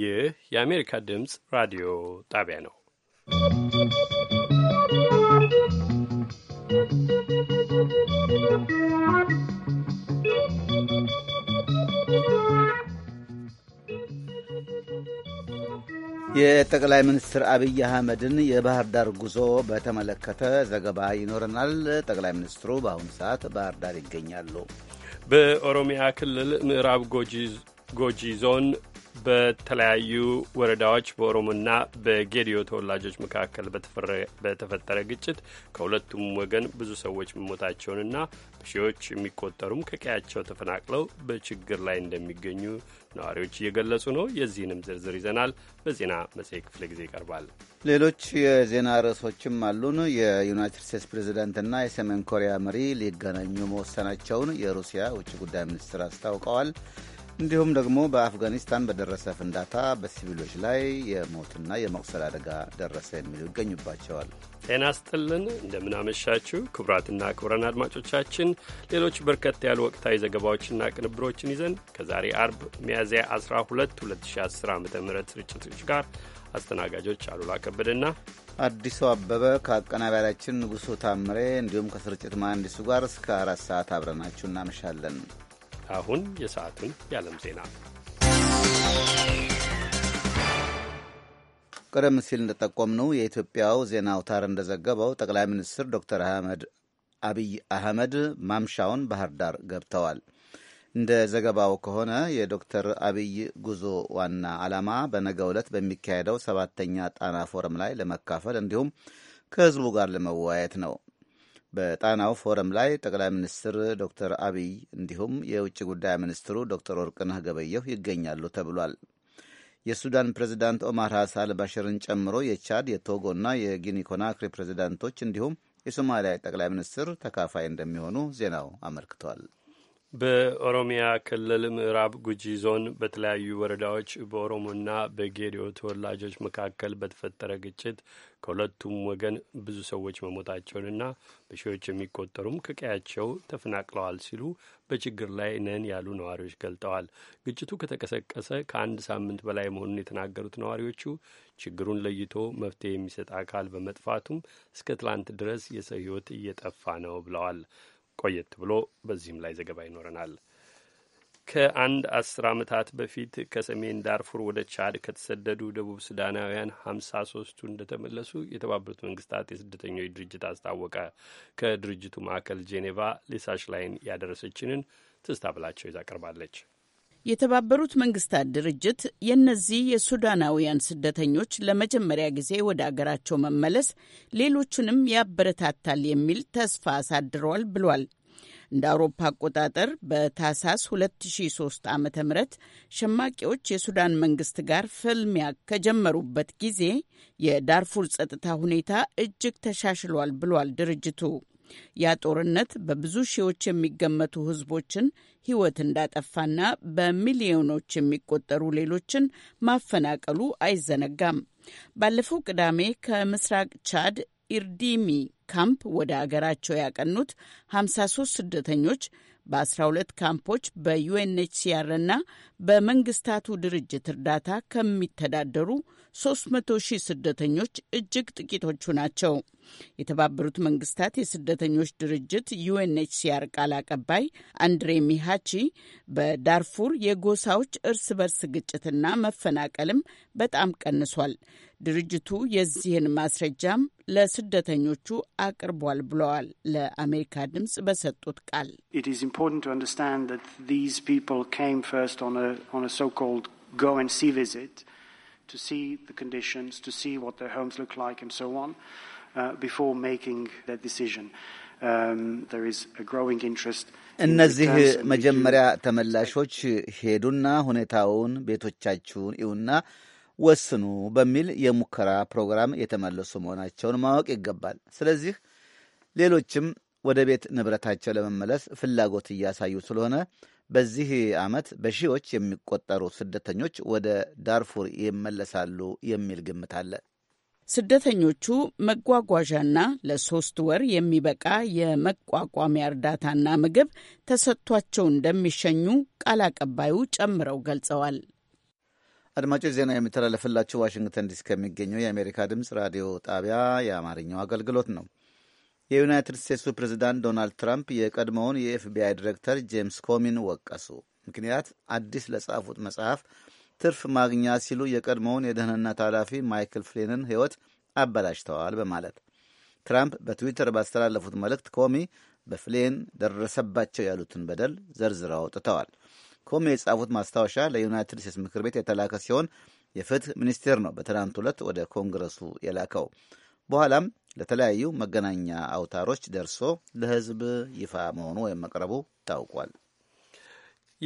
ይህ የአሜሪካ ድምፅ ራዲዮ ጣቢያ ነው። የጠቅላይ ሚኒስትር አብይ አህመድን የባህር ዳር ጉዞ በተመለከተ ዘገባ ይኖረናል። ጠቅላይ ሚኒስትሩ በአሁኑ ሰዓት ባህር ዳር ይገኛሉ። በኦሮሚያ ክልል ምዕራብ ጎጂ ዞን በተለያዩ ወረዳዎች በኦሮሞና በጌዲዮ ተወላጆች መካከል በተፈጠረ ግጭት ከሁለቱም ወገን ብዙ ሰዎች መሞታቸውንና በሺዎች የሚቆጠሩም ከቀያቸው ተፈናቅለው በችግር ላይ እንደሚገኙ ነዋሪዎች እየገለጹ ነው። የዚህንም ዝርዝር ይዘናል። በዜና መጽሔት ክፍለ ጊዜ ይቀርባል። ሌሎች የዜና ርዕሶችም አሉን። የዩናይትድ ስቴትስ ፕሬዚዳንትና የሰሜን ኮሪያ መሪ ሊገናኙ መወሰናቸውን የሩሲያ ውጭ ጉዳይ ሚኒስትር አስታውቀዋል። እንዲሁም ደግሞ በአፍጋኒስታን በደረሰ ፍንዳታ በሲቪሎች ላይ የሞትና የመቁሰል አደጋ ደረሰ የሚሉ ይገኙባቸዋል። ጤና ስጥልን፣ እንደምናመሻችሁ ክቡራትና ክቡራን አድማጮቻችን ሌሎች በርከት ያሉ ወቅታዊ ዘገባዎችና ቅንብሮችን ይዘን ከዛሬ አርብ ሚያዝያ 12 2010 ዓ ም ስርጭቶች ጋር አስተናጋጆች አሉላ ከበደና አዲሱ አበበ ከአቀናባሪያችን ንጉሱ ታምሬ እንዲሁም ከስርጭት መሐንዲሱ ጋር እስከ አራት ሰዓት አብረናችሁ እናመሻለን። አሁን የሰዓቱን የዓለም ዜና ቀደም ሲል እንደጠቆምነው የኢትዮጵያው ዜና አውታር እንደዘገበው ጠቅላይ ሚኒስትር ዶክተር አህመድ አብይ አህመድ ማምሻውን ባህር ዳር ገብተዋል። እንደ ዘገባው ከሆነ የዶክተር አብይ ጉዞ ዋና ዓላማ በነገ ዕለት በሚካሄደው ሰባተኛ ጣና ፎረም ላይ ለመካፈል እንዲሁም ከህዝቡ ጋር ለመወያየት ነው። በጣናው ፎረም ላይ ጠቅላይ ሚኒስትር ዶክተር አብይ እንዲሁም የውጭ ጉዳይ ሚኒስትሩ ዶክተር ወርቅነህ ገበየሁ ይገኛሉ ተብሏል። የሱዳን ፕሬዚዳንት ኦማር ሐሳል ባሽርን ጨምሮ የቻድ የቶጎና የጊኒ ኮናክሪ ፕሬዚዳንቶች እንዲሁም የሶማሊያ ጠቅላይ ሚኒስትር ተካፋይ እንደሚሆኑ ዜናው አመልክቷል። በኦሮሚያ ክልል ምዕራብ ጉጂ ዞን በተለያዩ ወረዳዎች በኦሮሞና በጌዲዮ ተወላጆች መካከል በተፈጠረ ግጭት ከሁለቱም ወገን ብዙ ሰዎች መሞታቸውንና በሺዎች የሚቆጠሩም ከቀያቸው ተፈናቅለዋል ሲሉ በችግር ላይ ነን ያሉ ነዋሪዎች ገልጠዋል። ግጭቱ ከተቀሰቀሰ ከአንድ ሳምንት በላይ መሆኑን የተናገሩት ነዋሪዎቹ ችግሩን ለይቶ መፍትሄ የሚሰጥ አካል በመጥፋቱም እስከ ትላንት ድረስ የሰው ሕይወት እየጠፋ ነው ብለዋል። ቆየት ብሎ በዚህም ላይ ዘገባ ይኖረናል። ከአንድ አስር ዓመታት በፊት ከሰሜን ዳርፉር ወደ ቻድ ከተሰደዱ ደቡብ ሱዳናውያን ሀምሳ ሶስቱ እንደተመለሱ የተባበሩት መንግስታት የስደተኞች ድርጅት አስታወቀ። ከድርጅቱ ማዕከል ጄኔቫ ሊሳሽ ላይን ያደረሰችንን ትስታ ብላቸው ይዛ ቀርባለች። የተባበሩት መንግስታት ድርጅት የእነዚህ የሱዳናውያን ስደተኞች ለመጀመሪያ ጊዜ ወደ አገራቸው መመለስ ሌሎቹንም ያበረታታል የሚል ተስፋ አሳድረዋል ብሏል። እንደ አውሮፓ አቆጣጠር በታሳስ 2003 ዓ ም ሸማቂዎች የሱዳን መንግስት ጋር ፍልሚያ ከጀመሩበት ጊዜ የዳርፉር ጸጥታ ሁኔታ እጅግ ተሻሽሏል ብሏል ድርጅቱ። ያ ጦርነት በብዙ ሺዎች የሚገመቱ ህዝቦችን ህይወት እንዳጠፋና በሚሊዮኖች የሚቆጠሩ ሌሎችን ማፈናቀሉ አይዘነጋም። ባለፈው ቅዳሜ ከምስራቅ ቻድ ኢርዲሚ ካምፕ ወደ አገራቸው ያቀኑት 53 ስደተኞች በ12 ካምፖች በዩኤንኤችሲአር እና በመንግስታቱ ድርጅት እርዳታ ከሚተዳደሩ 300 ሺህ ስደተኞች እጅግ ጥቂቶቹ ናቸው። የተባበሩት መንግስታት የስደተኞች ድርጅት ዩኤንኤችሲአር ቃል አቀባይ አንድሬ ሚሃቺ በዳርፉር የጎሳዎች እርስ በርስ ግጭትና መፈናቀልም በጣም ቀንሷል። ድርጅቱ የዚህን ማስረጃም ለስደተኞቹ አቅርቧል ብለዋል። ለአሜሪካ ድምፅ በሰጡት ቃል እነዚህ መጀመሪያ ተመላሾች ሄዱና ሁኔታውን ቤቶቻችሁን ይሁና ወስኑ በሚል የሙከራ ፕሮግራም የተመለሱ መሆናቸውን ማወቅ ይገባል። ስለዚህ ሌሎችም ወደ ቤት ንብረታቸው ለመመለስ ፍላጎት እያሳዩ ስለሆነ በዚህ ዓመት በሺዎች የሚቆጠሩ ስደተኞች ወደ ዳርፉር ይመለሳሉ የሚል ግምት አለ። ስደተኞቹ መጓጓዣና ለሶስት ወር የሚበቃ የመቋቋሚያ እርዳታና ምግብ ተሰጥቷቸው እንደሚሸኙ ቃል አቀባዩ ጨምረው ገልጸዋል። አድማጮች ዜና የሚተላለፍላችሁ ዋሽንግተን ዲሲ ከሚገኘው የአሜሪካ ድምፅ ራዲዮ ጣቢያ የአማርኛው አገልግሎት ነው። የዩናይትድ ስቴትሱ ፕሬዚዳንት ዶናልድ ትራምፕ የቀድሞውን የኤፍቢአይ ዲሬክተር ጄምስ ኮሚን ወቀሱ። ምክንያት አዲስ ለጻፉት መጽሐፍ ትርፍ ማግኛ ሲሉ የቀድሞውን የደህንነት ኃላፊ ማይክል ፍሊንን ሕይወት አበላሽተዋል በማለት ትራምፕ በትዊተር ባስተላለፉት መልእክት ኮሚ በፍሌን ደረሰባቸው ያሉትን በደል ዘርዝረው አውጥተዋል። ኮሚ የጻፉት ማስታወሻ ለዩናይትድ ስቴትስ ምክር ቤት የተላከ ሲሆን የፍትህ ሚኒስቴር ነው በትናንት ዕለት ወደ ኮንግረሱ የላከው። በኋላም ለተለያዩ መገናኛ አውታሮች ደርሶ ለህዝብ ይፋ መሆኑ ወይም መቅረቡ ታውቋል።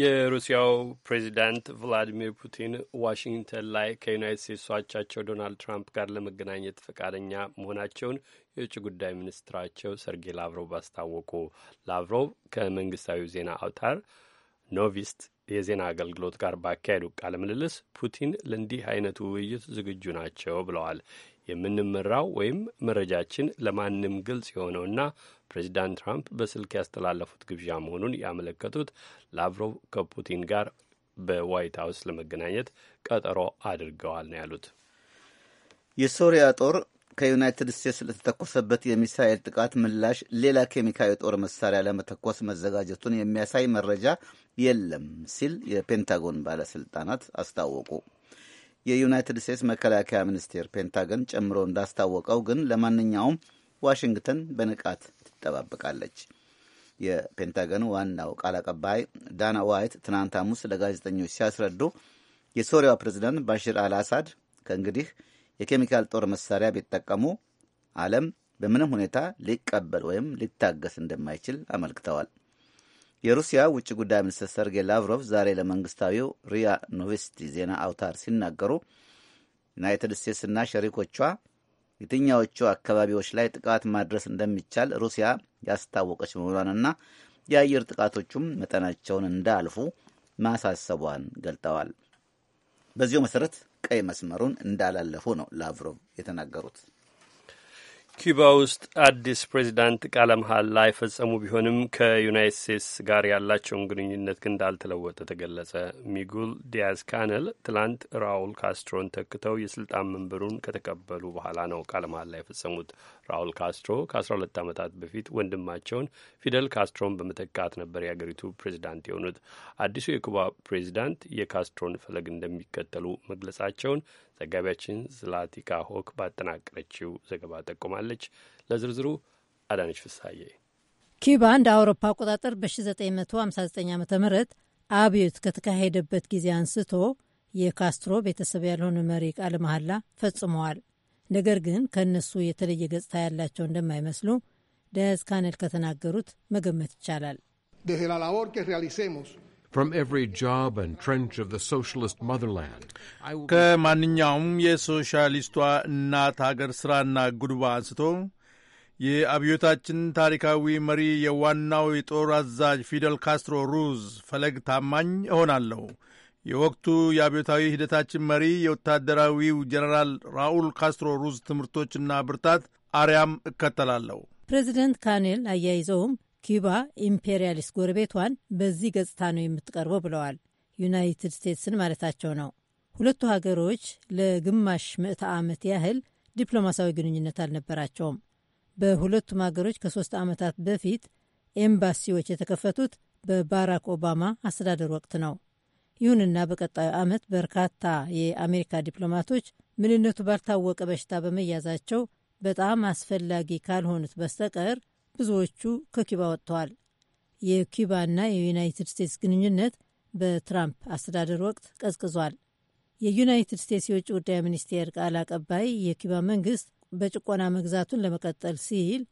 የሩሲያው ፕሬዚዳንት ቭላዲሚር ፑቲን ዋሽንግተን ላይ ከዩናይት ስቴትስ አቻቸው ዶናልድ ትራምፕ ጋር ለመገናኘት ፈቃደኛ መሆናቸውን የውጭ ጉዳይ ሚኒስትራቸው ሰርጌይ ላቭሮቭ አስታወቁ። ላቭሮቭ ከመንግስታዊ ዜና አውታር ኖቪስት የዜና አገልግሎት ጋር ባካሄዱ ቃለ ምልልስ ፑቲን ለእንዲህ አይነቱ ውይይት ዝግጁ ናቸው ብለዋል። የምንመራው ወይም መረጃችን ለማንም ግልጽ የሆነውና ፕሬዚዳንት ትራምፕ በስልክ ያስተላለፉት ግብዣ መሆኑን ያመለከቱት ላቭሮቭ ከፑቲን ጋር በዋይት ሀውስ ለመገናኘት ቀጠሮ አድርገዋል ነው ያሉት። የሶሪያ ጦር ከዩናይትድ ስቴትስ ለተተኮሰበት የሚሳኤል ጥቃት ምላሽ ሌላ ኬሚካዊ ጦር መሳሪያ ለመተኮስ መዘጋጀቱን የሚያሳይ መረጃ የለም ሲል የፔንታጎን ባለስልጣናት አስታወቁ። የዩናይትድ ስቴትስ መከላከያ ሚኒስቴር ፔንታገን ጨምሮ እንዳስታወቀው ግን ለማንኛውም ዋሽንግተን በንቃት ትጠባበቃለች። የፔንታገን ዋናው ቃል አቀባይ ዳና ዋይት ትናንት ሐሙስ ለጋዜጠኞች ሲያስረዱ የሶሪያው ፕሬዝዳንት ባሽር አልአሳድ ከእንግዲህ የኬሚካል ጦር መሳሪያ ቢጠቀሙ ዓለም በምንም ሁኔታ ሊቀበል ወይም ሊታገስ እንደማይችል አመልክተዋል። የሩሲያ ውጭ ጉዳይ ሚኒስትር ሰርጌይ ላቭሮቭ ዛሬ ለመንግስታዊው ሪያ ኖቬስቲ ዜና አውታር ሲናገሩ ዩናይትድ ስቴትስና ሸሪኮቿ የትኛዎቹ አካባቢዎች ላይ ጥቃት ማድረስ እንደሚቻል ሩሲያ ያስታወቀች መሆኗንና የአየር ጥቃቶቹም መጠናቸውን እንዳልፉ ማሳሰቧን ገልጠዋል። በዚሁ መሰረት ቀይ መስመሩን እንዳላለፉ ነው ላቭሮቭ የተናገሩት። ኪባ ውስጥ አዲስ ፕሬዚዳንት ቃለ መሀል ላይ ፈጸሙ ቢሆንም ከዩናይት ስቴትስ ጋር ያላቸውን ግንኙነት ግን እንዳልተለወጠ ተገለጸ። ሚጉል ዲያዝ ካነል ትላንት ራውል ካስትሮን ተክተው የስልጣን መንበሩን ከተቀበሉ በኋላ ነው ቃለ ላይ የፈጸሙት። ራውል ካስትሮ ከ12 ዓመታት በፊት ወንድማቸውን ፊደል ካስትሮን በመተካት ነበር የአገሪቱ ፕሬዚዳንት የሆኑት። አዲሱ የኩባ ፕሬዚዳንት የካስትሮን ፈለግ እንደሚከተሉ መግለጻቸውን ዘጋቢያችን ዝላቲካ ሆክ ባጠናቀረችው ዘገባ ጠቁማለች። ለዝርዝሩ አዳነች ፍሳዬ። ኪባ እንደ አውሮፓ አቆጣጠር በ1959 ዓ ም አብዮት ከተካሄደበት ጊዜ አንስቶ የካስትሮ ቤተሰብ ያልሆኑ መሪ ቃለ መሐላ ፈጽመዋል። ነገር ግን ከእነሱ የተለየ ገጽታ ያላቸው እንደማይመስሉ ደያዝ ካነል ከተናገሩት መገመት ይቻላል። ደላ labor ከማንኛውም የሶሻሊስቷ እናት አገር ሥራና ጉድባ አንስቶ የአብዮታችን ታሪካዊ መሪ የዋናው የጦር አዛዥ ፊደል ካስትሮ ሩዝ ፈለግ ታማኝ እሆናለሁ። የወቅቱ የአብዮታዊ ሂደታችን መሪ የወታደራዊው ጀነራል ራኡል ካስትሮ ሩዝ ትምህርቶችና ብርታት አርያም እከተላለሁ። ፕሬዚደንት ካኔል አያይዘውም ኪዩባ ኢምፔሪያሊስት ጎረቤቷን በዚህ ገጽታ ነው የምትቀርበው ብለዋል። ዩናይትድ ስቴትስን ማለታቸው ነው። ሁለቱ ሀገሮች ለግማሽ ምዕተ ዓመት ያህል ዲፕሎማሲያዊ ግንኙነት አልነበራቸውም። በሁለቱም ሀገሮች ከሶስት ዓመታት በፊት ኤምባሲዎች የተከፈቱት በባራክ ኦባማ አስተዳደር ወቅት ነው። ይሁንና በቀጣዩ ዓመት በርካታ የአሜሪካ ዲፕሎማቶች ምንነቱ ባልታወቀ በሽታ በመያዛቸው በጣም አስፈላጊ ካልሆኑት በስተቀር ብዙዎቹ ከኪባ ወጥተዋል። የኪባና የዩናይትድ ስቴትስ ግንኙነት በትራምፕ አስተዳደር ወቅት ቀዝቅዟል። የዩናይትድ ስቴትስ የውጭ ጉዳይ ሚኒስቴር ቃል አቀባይ የኪባ መንግስት በጭቆና መግዛቱን ለመቀጠል ሲል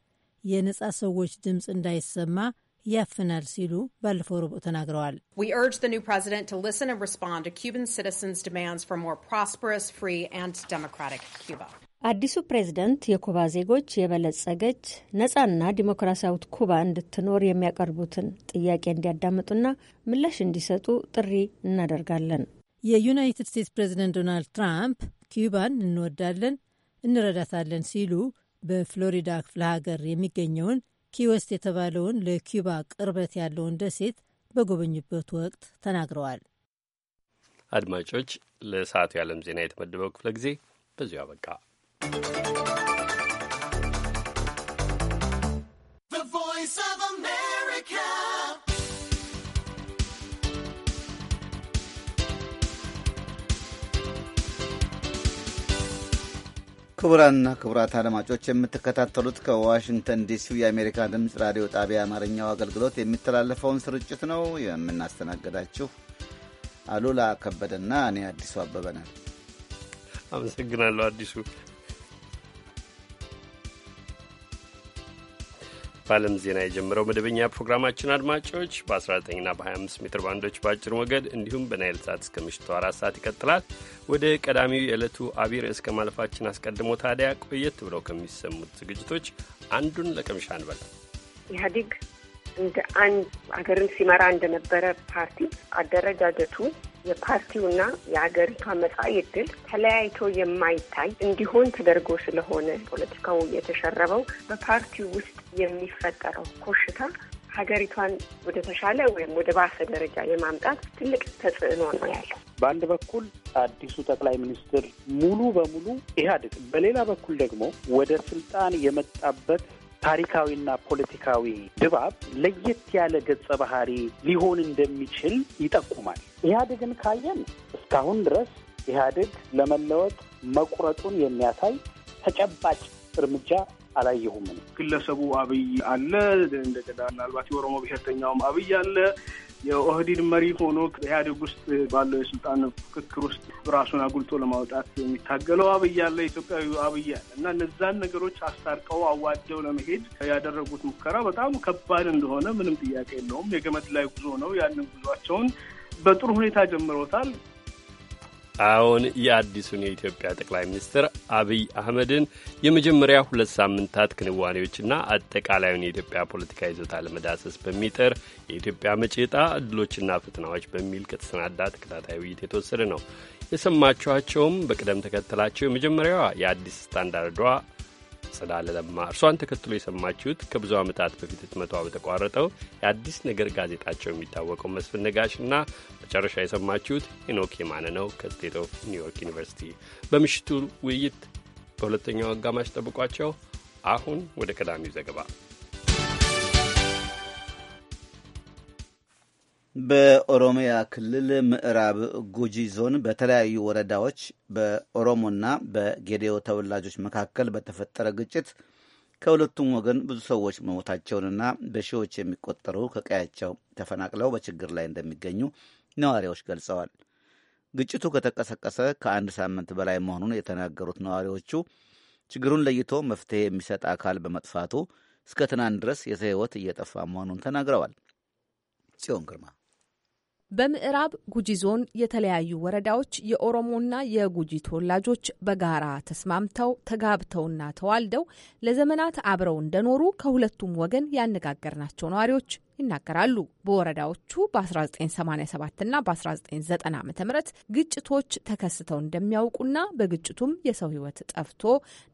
የነጻ ሰዎች ድምፅ እንዳይሰማ ያፍናል ሲሉ ባለፈው ረቡዕ ተናግረዋል። አዲሱ ፕሬዝደንት የኩባ ዜጎች የበለጸገች ነጻና ዲሞክራሲያዊት ኩባ እንድትኖር የሚያቀርቡትን ጥያቄ እንዲያዳምጡና ምላሽ እንዲሰጡ ጥሪ እናደርጋለን። የዩናይትድ ስቴትስ ፕሬዝደንት ዶናልድ ትራምፕ ኪዩባን እንወዳለን፣ እንረዳታለን ሲሉ በፍሎሪዳ ክፍለ ሀገር የሚገኘውን ኪወስት የተባለውን ለኪዩባ ቅርበት ያለውን ደሴት በጎበኙበት ወቅት ተናግረዋል። አድማጮች፣ ለሰዓቱ የዓለም ዜና የተመደበው ክፍለ ጊዜ በዚሁ አበቃ። ክቡራንና ክቡራት አድማጮች የምትከታተሉት ከዋሽንግተን ዲሲው የአሜሪካ ድምፅ ራዲዮ ጣቢያ አማርኛው አገልግሎት የሚተላለፈውን ስርጭት ነው። የምናስተናግዳችሁ አሉላ ከበደና እኔ አዲሱ አበበናል። አመሰግናለሁ አዲሱ። በዓለም ዜና የጀመረው መደበኛ ፕሮግራማችን አድማጮች በ19ና በ25 ሜትር ባንዶች በአጭር ሞገድ እንዲሁም በናይል ሰዓት እስከ ምሽቱ አራት ሰዓት ይቀጥላል። ወደ ቀዳሚው የዕለቱ አቢይ ርዕስ ከማለፋችን አስቀድሞ ታዲያ ቆየት ብለው ከሚሰሙት ዝግጅቶች አንዱን ለቅምሻ እንበል። ኢህአዴግ እንደ አንድ ሀገርን ሲመራ እንደነበረ ፓርቲ አደረጃጀቱ የፓርቲውና የሀገሪቷ መጻኢ ዕድል ተለያይቶ የማይታይ እንዲሆን ተደርጎ ስለሆነ ፖለቲካው የተሸረበው በፓርቲው ውስጥ የሚፈጠረው ኮሽታ ሀገሪቷን ወደ ተሻለ ወይም ወደ ባሰ ደረጃ የማምጣት ትልቅ ተጽዕኖ ነው ያለው። በአንድ በኩል አዲሱ ጠቅላይ ሚኒስትር ሙሉ በሙሉ ኢህአዴግ፣ በሌላ በኩል ደግሞ ወደ ስልጣን የመጣበት ታሪካዊና ፖለቲካዊ ድባብ ለየት ያለ ገጸ ባህሪ ሊሆን እንደሚችል ይጠቁማል። ኢህአዴግን ካየን እስካሁን ድረስ ኢህአዴግ ለመለወጥ መቁረጡን የሚያሳይ ተጨባጭ እርምጃ አላየሁም። ግለሰቡ አብይ አለ እንደገና ምናልባት የኦሮሞ ብሔርተኛውም አብይ አለ የኦህዲድ መሪ ሆኖ ኢህአዴግ ውስጥ ባለው የስልጣን ፍክክር ውስጥ ራሱን አጉልቶ ለማውጣት የሚታገለው አብይ አለ፣ ኢትዮጵያዊ አብይ አለ እና እነዛን ነገሮች አስታርቀው አዋደው ለመሄድ ያደረጉት ሙከራ በጣም ከባድ እንደሆነ ምንም ጥያቄ የለውም። የገመድ ላይ ጉዞ ነው። ያንን ጉዟቸውን በጥሩ ሁኔታ ጀምሮታል። አሁን የአዲሱን የኢትዮጵያ ጠቅላይ ሚኒስትር አብይ አህመድን የመጀመሪያ ሁለት ሳምንታት ክንዋኔዎችና አጠቃላዩን የኢትዮጵያ ፖለቲካ ይዞታ ለመዳሰስ በሚጥር የኢትዮጵያ መጪ ዕጣ እድሎችና ፈተናዎች በሚል ከተሰናዳ ተከታታይ ውይይት የተወሰደ ነው። የሰማችኋቸውም በቅደም ተከተላቸው የመጀመሪያዋ የአዲስ ስታንዳርዷ ስላለ ለማ። እርሷን ተከትሎ የሰማችሁት ከብዙ ዓመታት በፊት ህትመቷ በተቋረጠው የአዲስ ነገር ጋዜጣቸው የሚታወቀው መስፍን እና መጨረሻ የሰማችሁት ሄኖክ የማነ ነው ከስቴት ኦፍ ኒውዮርክ ዩኒቨርሲቲ። በምሽቱ ውይይት በሁለተኛው አጋማሽ ጠብቋቸው። አሁን ወደ ቀዳሚው ዘገባ በኦሮሚያ ክልል ምዕራብ ጉጂ ዞን በተለያዩ ወረዳዎች በኦሮሞና በጌዴዮ ተወላጆች መካከል በተፈጠረ ግጭት ከሁለቱም ወገን ብዙ ሰዎች መሞታቸውንና በሺዎች የሚቆጠሩ ከቀያቸው ተፈናቅለው በችግር ላይ እንደሚገኙ ነዋሪዎች ገልጸዋል። ግጭቱ ከተቀሰቀሰ ከአንድ ሳምንት በላይ መሆኑን የተናገሩት ነዋሪዎቹ ችግሩን ለይቶ መፍትሄ የሚሰጥ አካል በመጥፋቱ እስከ ትናንት ድረስ የሰው ሕይወት እየጠፋ መሆኑን ተናግረዋል። ጽዮን ግርማ በምዕራብ ጉጂ ዞን የተለያዩ ወረዳዎች የኦሮሞና የጉጂ ተወላጆች በጋራ ተስማምተው ተጋብተውና ተዋልደው ለዘመናት አብረው እንደኖሩ ከሁለቱም ወገን ያነጋገርናቸው ነዋሪዎች ይናገራሉ። በወረዳዎቹ በ1987 እና በ1990 ዓ ም ግጭቶች ተከስተው እንደሚያውቁና በግጭቱም የሰው ሕይወት ጠፍቶ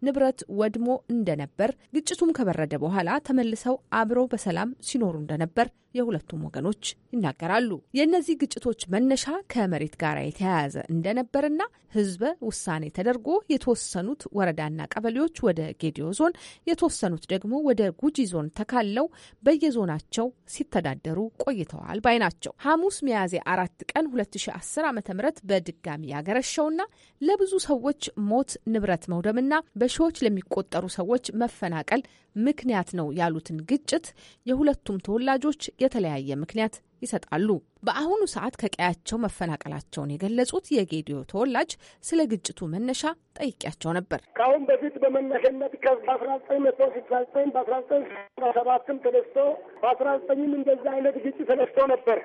ንብረት ወድሞ እንደነበር ግጭቱም ከበረደ በኋላ ተመልሰው አብረው በሰላም ሲኖሩ እንደነበር የሁለቱም ወገኖች ይናገራሉ። የእነዚህ ግጭቶች መነሻ ከመሬት ጋር የተያያዘ እንደነበርና ህዝበ ውሳኔ ተደርጎ የተወሰኑት ወረዳና ቀበሌዎች ወደ ጌዲዮ ዞን የተወሰኑት ደግሞ ወደ ጉጂ ዞን ተካለው በየዞናቸው ሲተዳደሩ ቆይተዋል ባይ ናቸው። ሐሙስ ሚያዝያ አራት ቀን 2010 ዓ ም በድጋሚ ያገረሸውና ለብዙ ሰዎች ሞት፣ ንብረት መውደምና በሺዎች ለሚቆጠሩ ሰዎች መፈናቀል ምክንያት ነው ያሉትን ግጭት የሁለቱም ተወላጆች የተለያየ ምክንያት ይሰጣሉ። በአሁኑ ሰዓት ከቀያቸው መፈናቀላቸውን የገለጹት የጌዲዮ ተወላጅ ስለ ግጭቱ መነሻ ጠይቂያቸው ነበር። ከአሁን በፊት በመነሻነት በአስራ ዘጠኝ መቶ ስልሳ ዘጠኝ በአስራ ዘጠኝ ስልሳ ሰባትም ተነስቶ በአስራ ዘጠኝም እንደዛ አይነት ግጭት ተነስቶ ነበር።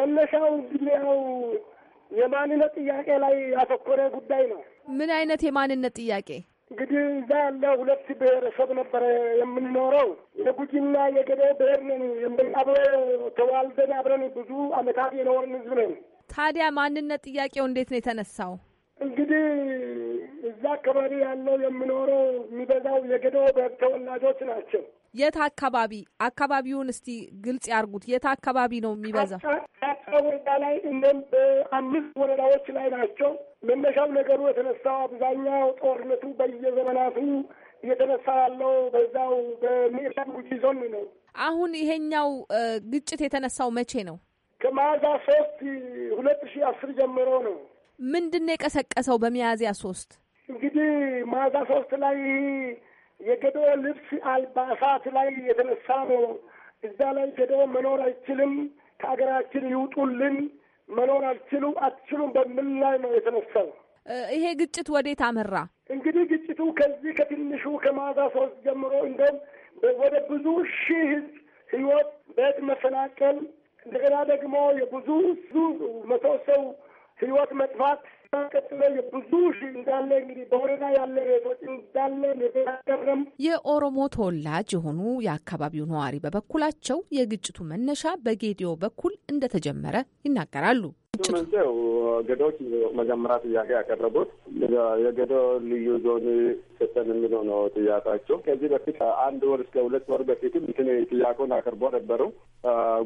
መነሻው እንግዲህ ያው የማንነት ጥያቄ ላይ ያተኮረ ጉዳይ ነው። ምን አይነት የማንነት ጥያቄ? እንግዲህ እዛ ያለ ሁለት ብሔረሰብ ነበረ የምንኖረው የጉጂና የገዴ ብሔር ነን። አብረ ተዋልደን አብረን ብዙ አመታት የኖርን ህዝብ ነን። ታዲያ ማንነት ጥያቄው እንዴት ነው የተነሳው? እንግዲህ እዛ አካባቢ ያለው የምኖረው የሚበዛው የገዶ ተወላጆች ናቸው። የት አካባቢ አካባቢውን እስቲ ግልጽ ያርጉት። የት አካባቢ ነው የሚበዛው? ጫጫ ወረዳ ላይ እነም በአምስት ወረዳዎች ላይ ናቸው። መነሻው ነገሩ የተነሳው አብዛኛው ጦርነቱ በየዘመናቱ እየተነሳ ያለው በዛው በምዕራብ ጉጂ ዞን ነው። አሁን ይሄኛው ግጭት የተነሳው መቼ ነው? ከማዛ ሶስት ሁለት ሺህ አስር ጀምሮ ነው ምንድን የቀሰቀሰው? በሚያዝያ ሶስት እንግዲህ ሚያዝያ ሶስት ላይ የገዶ ልብስ አልባሳት ላይ የተነሳ ነው። እዛ ላይ ገዶ መኖር አይችልም፣ ከሀገራችን ይውጡልን፣ መኖር አልችሉ አትችሉም በምን ላይ ነው የተነሳው። ይሄ ግጭት ወዴት አመራ? እንግዲህ ግጭቱ ከዚህ ከትንሹ ከማዛ ሶስት ጀምሮ እንደም ወደ ብዙ ሺህ ህዝብ ህይወት በት መፈናቀል እንደገና ደግሞ የብዙ ብዙ መቶ ሰው ህይወት መጥፋት እንዳለ እንግዲህ በወረዳ ያለ ቤቶች እንዳለ የኦሮሞ ተወላጅ የሆኑ የአካባቢው ነዋሪ በበኩላቸው የግጭቱ መነሻ በጌዲዮ በኩል እንደተጀመረ ይናገራሉ። ምንው ገዳዎች መጀመሪያ ጥያቄ ያቀረቡት የገዳ ልዩ ዞን ሰጠን የሚለው ነው ጥያቄያቸው። ከዚህ በፊት አንድ ወር እስከ ሁለት ወር በፊትም እንትን ጥያቄውን አቅርቦ ነበሩ።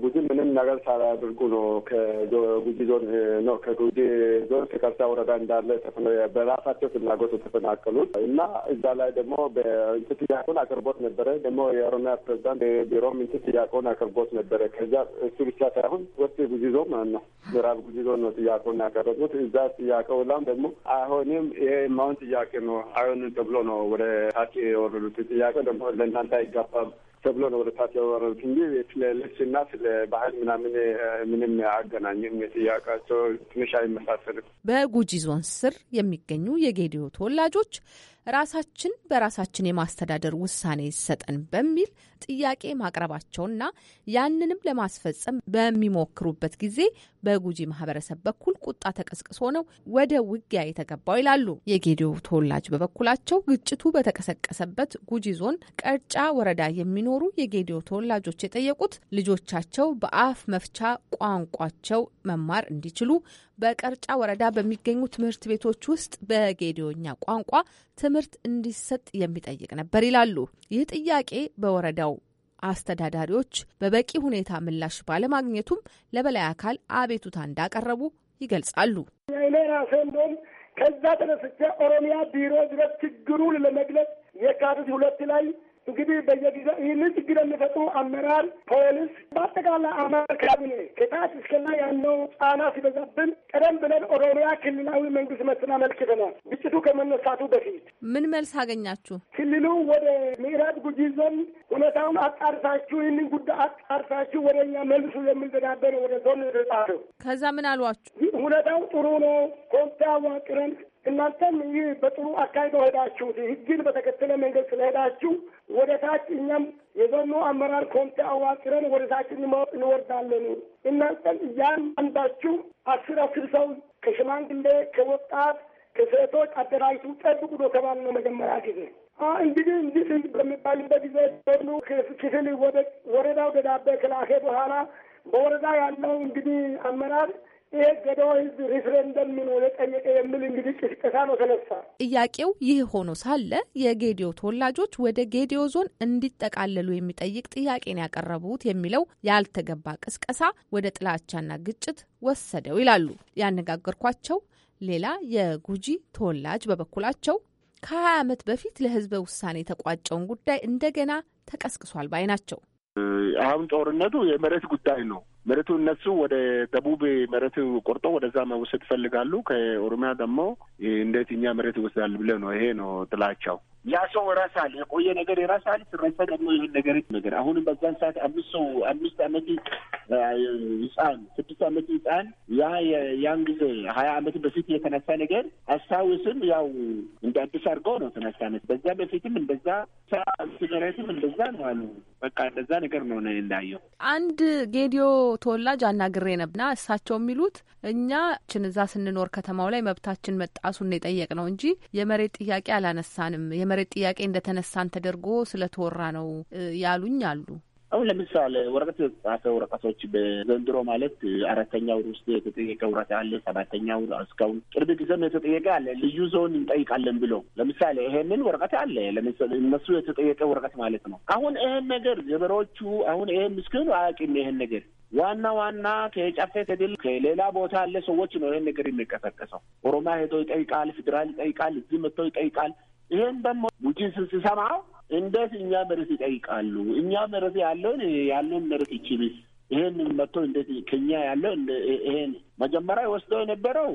ጉጂ ምንም ነገር ሳላደርጉ ነው ከጉጂ ዞን ነው ከጉጂ ዞን ከከርሳ ወረዳ እንዳለ በራሳቸው ፍላጎት የተፈናቀሉት እና እዛ ላይ ደግሞ ጥያቄውን አቅርቦት ነበረ። ደግሞ የኦሮሚያ ፕሬዚዳንት ቢሮም እንትን ጥያቄውን አቅርቦት ነበረ። ከዚ እሱ ብቻ ሳይሆን ወጥ ጉጂ ዞን ማለት ነው ምዕራብ ብሎ ነው ጥያቄውን ያቀረቡት። እዛ ጥያቄው ላም ደግሞ አይሆንም ይሄ ማሁን ጥያቄ ነው አይሆንም ተብሎ ነው ወደ ታች የወረዱት። ጥያቄ ደግሞ ለእናንተ አይጋባም ተብሎ ነው ወደ ታች የወረዱት እንጂ ስለ ልብስና ስለ ባህል ምናምን ምንም አገናኝም። ጥያቄያቸው ትንሽ አይመሳሰልም። በጉጂ ዞን ስር የሚገኙ የጌዲዮ ተወላጆች ራሳችን በራሳችን የማስተዳደር ውሳኔ ይሰጠን በሚል ጥያቄ ማቅረባቸውና ያንንም ለማስፈጸም በሚሞክሩበት ጊዜ በጉጂ ማህበረሰብ በኩል ቁጣ ተቀስቅሶ ነው ወደ ውጊያ የተገባው ይላሉ። የጌዲዮ ተወላጅ በበኩላቸው ግጭቱ በተቀሰቀሰበት ጉጂ ዞን ቀርጫ ወረዳ የሚኖሩ የጌዲዮ ተወላጆች የጠየቁት ልጆቻቸው በአፍ መፍቻ ቋንቋቸው መማር እንዲችሉ በቀርጫ ወረዳ በሚገኙ ትምህርት ቤቶች ውስጥ በጌዲዮኛ ቋንቋ ትምህርት እንዲሰጥ የሚጠይቅ ነበር ይላሉ። ይህ ጥያቄ በወረዳው አስተዳዳሪዎች በበቂ ሁኔታ ምላሽ ባለማግኘቱም ለበላይ አካል አቤቱታ እንዳቀረቡ ይገልጻሉ። እኔ ራሴ እንደውም ከዛ ተነስቼ ኦሮሚያ ቢሮ ድረስ ችግሩን ለመግለጽ የካቲት ሁለት ላይ እንግዲህ በየጊዜው ይህንን ችግር የሚፈጥሩ አመራር፣ ፖሊስ፣ በአጠቃላይ አመራር ካቢኔ ከታች እስከላይ ያለው ጫና ሲበዛብን ቀደም ብለን ኦሮሚያ ክልላዊ መንግስት መስና መልክተናል። ግጭቱ ከመነሳቱ በፊት ምን መልስ አገኛችሁ? ክልሉ ወደ ምዕራብ ጉጂ ዞን ሁኔታውን አጣርሳችሁ ይህንን ጉዳይ አጣርሳችሁ ወደ እኛ መልሱ የሚል ወደ ዞን ጻፈው። ከዛ ምን አሏችሁ? ሁኔታው ጥሩ ነው፣ ኮሚቴ አዋቅረን እናንተም ይህ በጥሩ አካሄዶ ሄዳችሁ ህግን በተከተለ መንገድ ስለሄዳችሁ ወደ ታች እኛም የዞኑ አመራር ኮሚቴ አዋቅረን ወደ ታች እንወርዳለን። እናንተም እያን አንዳችሁ አስር አስር ሰው ከሽማግሌ፣ ከወጣት፣ ከሴቶች አደራጅቱ ጠብቁ ነው መጀመሪያ ጊዜ። እንግዲህ እንዲህ በሚባልበት ጊዜ ዞኑ ክፍል ወደ ወረዳው ደዳበ ከላከ በኋላ በወረዳ ያለው እንግዲህ አመራር ይሄ ገዳው ህዝብ ሪፍረንደም ምን ሆነ ጠየቀ የሚል እንግዲህ ቅስቀሳ ነው ተነሳ። ጥያቄው ይህ ሆኖ ሳለ የጌዲዮ ተወላጆች ወደ ጌዲዮ ዞን እንዲጠቃለሉ የሚጠይቅ ጥያቄን ያቀረቡት የሚለው ያልተገባ ቅስቀሳ ወደ ጥላቻና ግጭት ወሰደው ይላሉ። ያነጋገርኳቸው ሌላ የጉጂ ተወላጅ በበኩላቸው ከሀያ ዓመት በፊት ለህዝበ ውሳኔ የተቋጨውን ጉዳይ እንደገና ተቀስቅሷል ባይ ናቸው። አሁን ጦርነቱ የመሬት ጉዳይ ነው መሬቱ እነሱ ወደ ደቡብ መሬት ቆርጦ ወደዛ መውሰድ ይፈልጋሉ። ከኦሮሚያ ደግሞ እንዴት እኛ መሬት ይወስዳል ብለ ነው። ይሄ ነው ጥላቻው። ያ ሰው ይረሳል፣ የቆየ ነገር ይረሳል። ስረሳ ደግሞ ይህን ነገር ነገር አሁንም በዛን ሰዓት አምስት ሰው አምስት አመት ህፃን ስድስት አመት ህፃን ያ ያን ጊዜ ሀያ አመት በፊት የተነሳ ነገር አስታውስም ያው እንደ አዲስ አድርገው ነው ተነሳ ነት በዛ በፊትም እንደዛ ሲገረትም እንደዛ ነው አሉ። በቃ እንደዛ ነገር ነው እንዳየው። አንድ ጌዲዮ ተወላጅ አናግሬ ነብና እሳቸው የሚሉት እኛ ችን እዛ ስንኖር ከተማው ላይ መብታችን መጣሱን የጠየቅ ነው እንጂ የመሬት ጥያቄ አላነሳንም የመሬት ጥያቄ እንደተነሳን ተደርጎ ስለተወራ ነው ያሉኝ አሉ። አሁን ለምሳሌ ወረቀት የተጻፈ ወረቀቶች በዘንድሮ ማለት አራተኛ አራተኛው ውስጥ የተጠየቀ ወረቀት አለ። ሰባተኛ ሰባተኛው እስካሁን ቅርብ ጊዜም የተጠየቀ አለ። ልዩ ዞን እንጠይቃለን ብሎ ለምሳሌ ይሄንን ወረቀት አለ። እነሱ የተጠየቀ ወረቀት ማለት ነው። አሁን ይሄን ነገር ገበሬዎቹ አሁን ይሄን ምስክኑ አያውቅም። ይሄን ነገር ዋና ዋና ከጨፌ ከድል ከሌላ ቦታ ያለ ሰዎች ነው ይሄን ነገር የሚቀሰቀሰው። ኦሮሚያ ሄዶ ይጠይቃል፣ ፌዴራል ይጠይቃል፣ እዚህ መጥተው ይጠይቃል። ይህም ደግሞ ውጪ ስሰማ እንዴት እኛ መሬት ይጠይቃሉ? እኛ መሬት ያለውን ያለን መሬት ይችልስ ይሄን መጥቶ እንዴት ከኛ ያለው ይሄን መጀመሪያ ወስደው የነበረው